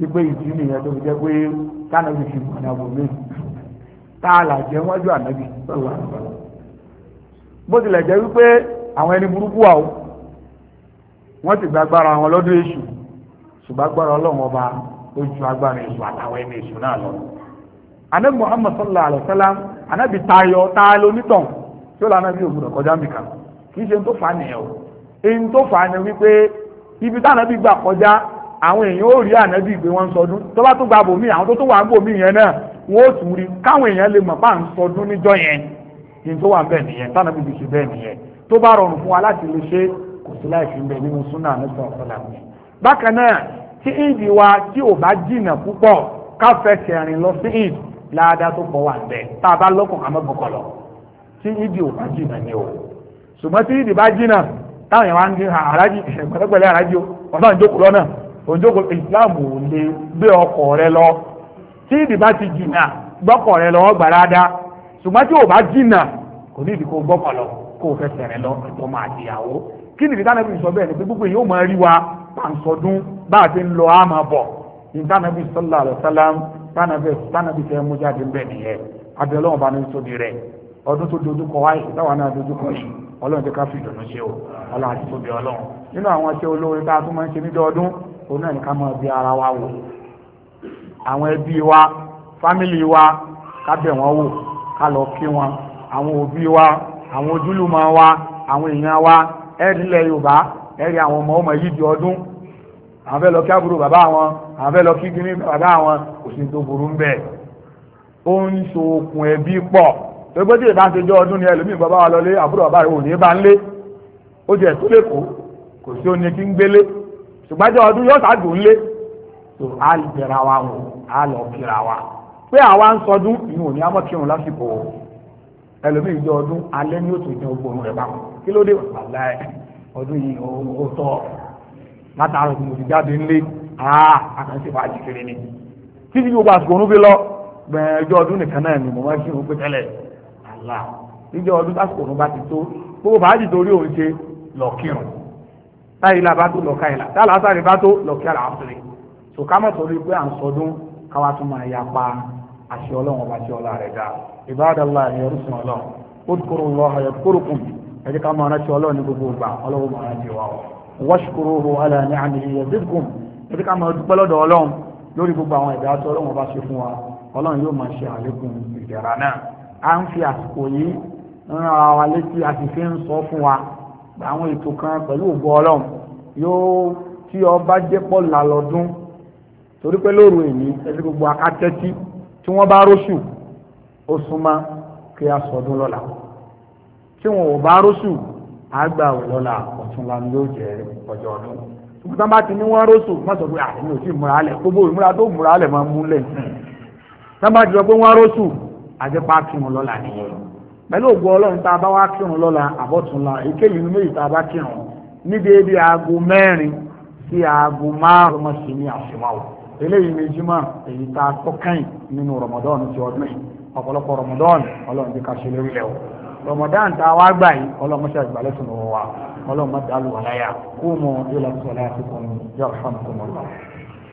S1: wípé ìdí nìyẹn tó fi jẹ́ pé kánàbì fi mọ̀ náà bòmí tààlà jẹ́ wọ́n jù ànábì sọ̀rọ̀ àgbà bó tilẹ̀ jẹ́ wípé àwọn ẹni burúkú wà ó wọ́n ti gbàgbára wọn lọ́dún èṣù ṣùgbọ́n agbára ọlọ́run ọba ó ju agbára èṣù àtàwọn ẹni èṣù náà lọ. ànábì muhammad sallallahu alayhi wa sallam ànábì tayọ taalo nítàn tí ó lọ ànábì ògùn ọ̀kọ́jà mìkan kì í ṣe ń tó fà á nìyẹn o èyí ń tó fà á ni wípé ibi táwọn ànábì gbà kọjá àwọn èèyàn ó rí ànábì gbé wọn sọdún tó bá tún gba bòmí àwọn tó tún wà ń bòmí yẹn náà wọn ó tún rí káwọn èèyàn lè mọ̀ bá ń sọdún níjọ́ yẹn ní tó wà ń bẹ̀ nìyẹn tánàbì fi ṣe bẹ́ẹ̀ nìyẹn tó bá rọrùn fún wa láti lè ṣe kò sí láì fi ń bẹ nínú súnà nípa ọ̀sọ́là mi. bákan náà tí ìdí wa tí ò bá jìnà púpọ̀ ká fẹsẹ̀ rìn lọ sí ìd láadáa tó pọ̀ wà ń bẹ̀ tá a bá lọ́kàn àmọ́ gbọ̀kọ̀lọ̀ tí ìdí ò bá jìnà ni o ṣùgbọ́n tí ìdí bá jìnà táwọn èèyàn wá ń dín àrájì pẹ̀lẹ́pẹ̀lẹ́ òjòkó islam ò lè gbé ọkọ̀ rẹ lọ tí ìdí bá ti jìnnà gbọ́kọ̀ rẹ lọ gbàrádá ṣùgbọ́n tí ò bá jìnnà kò ní ìdí gbọ́kọ̀ lọ kó o fẹsẹ̀ rẹ lọ ẹ̀tọ́ máa dìyàwó kí nìdí dáná bí sọ bẹ́ẹ̀ ni pé gbogbo yìí ó máa rí wa pàǹsọdún bá a ti ń lọ àmà bọ̀ ìdánábì sọlá àlọ́sálàm tánàbì fẹ́ mú jáde bẹ́ẹ̀ nìyẹn abẹ́ ọlọ́run bá ní sóbi rẹ̀ ọdún tó dojúkọ wáyé táwa náà dojúkọ yìí ọlọ́run ti ká fi ìdùnnú ṣe o ọlọ́run àti sóbi ọlọ́run nínú àwọn ṣe olóore tá a tún máa ń ṣe nídọ́ ọdún òun náà ní ká máa bi ara wa wò àwọn ẹbí wa fámìlì wa ká bẹ̀ wọ́n wò ká lọ kí wọn àwọn òbí wa àwọn ojúlùmọ̀ wa àwọn èèyàn wa ẹ̀rí ilẹ̀ Yorùbá ẹ̀rí àwọn ọmọ ọmọ yìí di ọdún àwọn fẹ́ lọ kí àbúrò bàbá wọn àwọn fẹ́ lọ kí gíní bàbá wọn kò sí tó burú ń bẹ̀ ó ń so ẹbí pọ̀ gbogbo tí ìbá ń ṣejọ́ ọdún ni ẹlòmíì bàbá wa lọlé àbúrò bàbá rẹ̀ ò ní bá ń lé ó jẹ́ tó lè kó kò sí ó ní kí ń gbélé ṣùgbọ́n jẹ́ ọdún yóò ṣáàdùn lé tó a lè bẹ̀rẹ̀ wa wò a lọ kíra wa pé àwa ń sọdún ìhùn ní amọ́kírun lásìkò ẹlòmíì jẹ́ ọdún alẹ́ ní òtún ìjẹun gbòòrùn rẹ̀ báwọn kí ló dé wàláì ọdún yìí ó tọ́ látàárọ̀ tí mo ti jáde ńlé àá àkànṣe wàá jìkiri ni títí gbogbo àsìkò òun fi lọ gbẹ̀rẹ̀ ẹjọ́ ọdún nìkan náà ni mo máa ń kírun pé tẹ́lẹ̀ àlà ìjọ ọdún lásìkò òun bá ti tó gbogbo bàájì torí òun ṣe lọ táyìlá bá tó lọ káyìlá táyìlá sáré bá tó lọ kí àlàáfíà so ká mọ̀ sórí pé à ń sọdún káwá tún máa ya pa àṣẹ ọlọ́run ọba tí ọlá rẹ̀ dá ìbáraẹ̀lá ẹ̀yẹ ọlọ́run ó kúrò lọ ẹ̀yẹ kúrò kùn ká máa rántí ọlọ́run ní gbogbo ìgbà ọlọ́run máa rántí wa ọ wọ́ṣukúrò ọ̀là ní àmì ẹ̀yẹ dídùn ẹ̀jẹ̀ ká máa dúpẹ́ lọ́dọ̀ ọlọ́run lórí gbogbo àwọn ẹ̀dá àwọn ètò kan pẹ̀lú ògbó ọlọ́run yóò tí ọba jẹ́ pọ̀ lálọ́dún torí pé lóru èmi ẹbí gbogbo akátẹ́tí tí wọ́n bá róṣù ó súnmọ́ kí a sọdún lọ́la tí wọn ò bá róṣù àgbà wẹ̀ lọ́la ọ̀túnla ni yóò jẹ́ ọjọ́ ọdún tí wọ́n bá ti ní wọ́n róṣù má sọ pé àmì ò tí ì múra lẹ̀ gbogbo ìmúra tó múra lẹ̀ máa mú lẹ̀ tí wọ́n bá ti sọ pé wọ́n róṣù àjẹpá tún wọn lọ́la nìyẹn pẹ̀lú ògbó ọlọ́run tá a bá wá kírun lọ́la àbọ̀túnla èkéyìí inú méjì tá a bá kírun ní déédéé aago mẹ́rin sí aago márùn-ún mọ̀sí ní àṣemáwò eléyìí ni jimá èyí tá a kọ́ kẹ́yìn nínú rọmọdọ́ọ̀nù ti ọdún yìí ọ̀pọ̀lọpọ̀ rọmọdọ́ọ̀nù ọlọ́run ti ka ṣe lórí lẹ́wọ̀ rọmọdọ́ọ̀nù tá a wá gbà yìí ọlọ́run ṣe àgbàlẹ̀ tó lọ́wọ́ wa ọlọ́run má dàlú wàláyà kó mọ ilẹ̀ sọ̀lá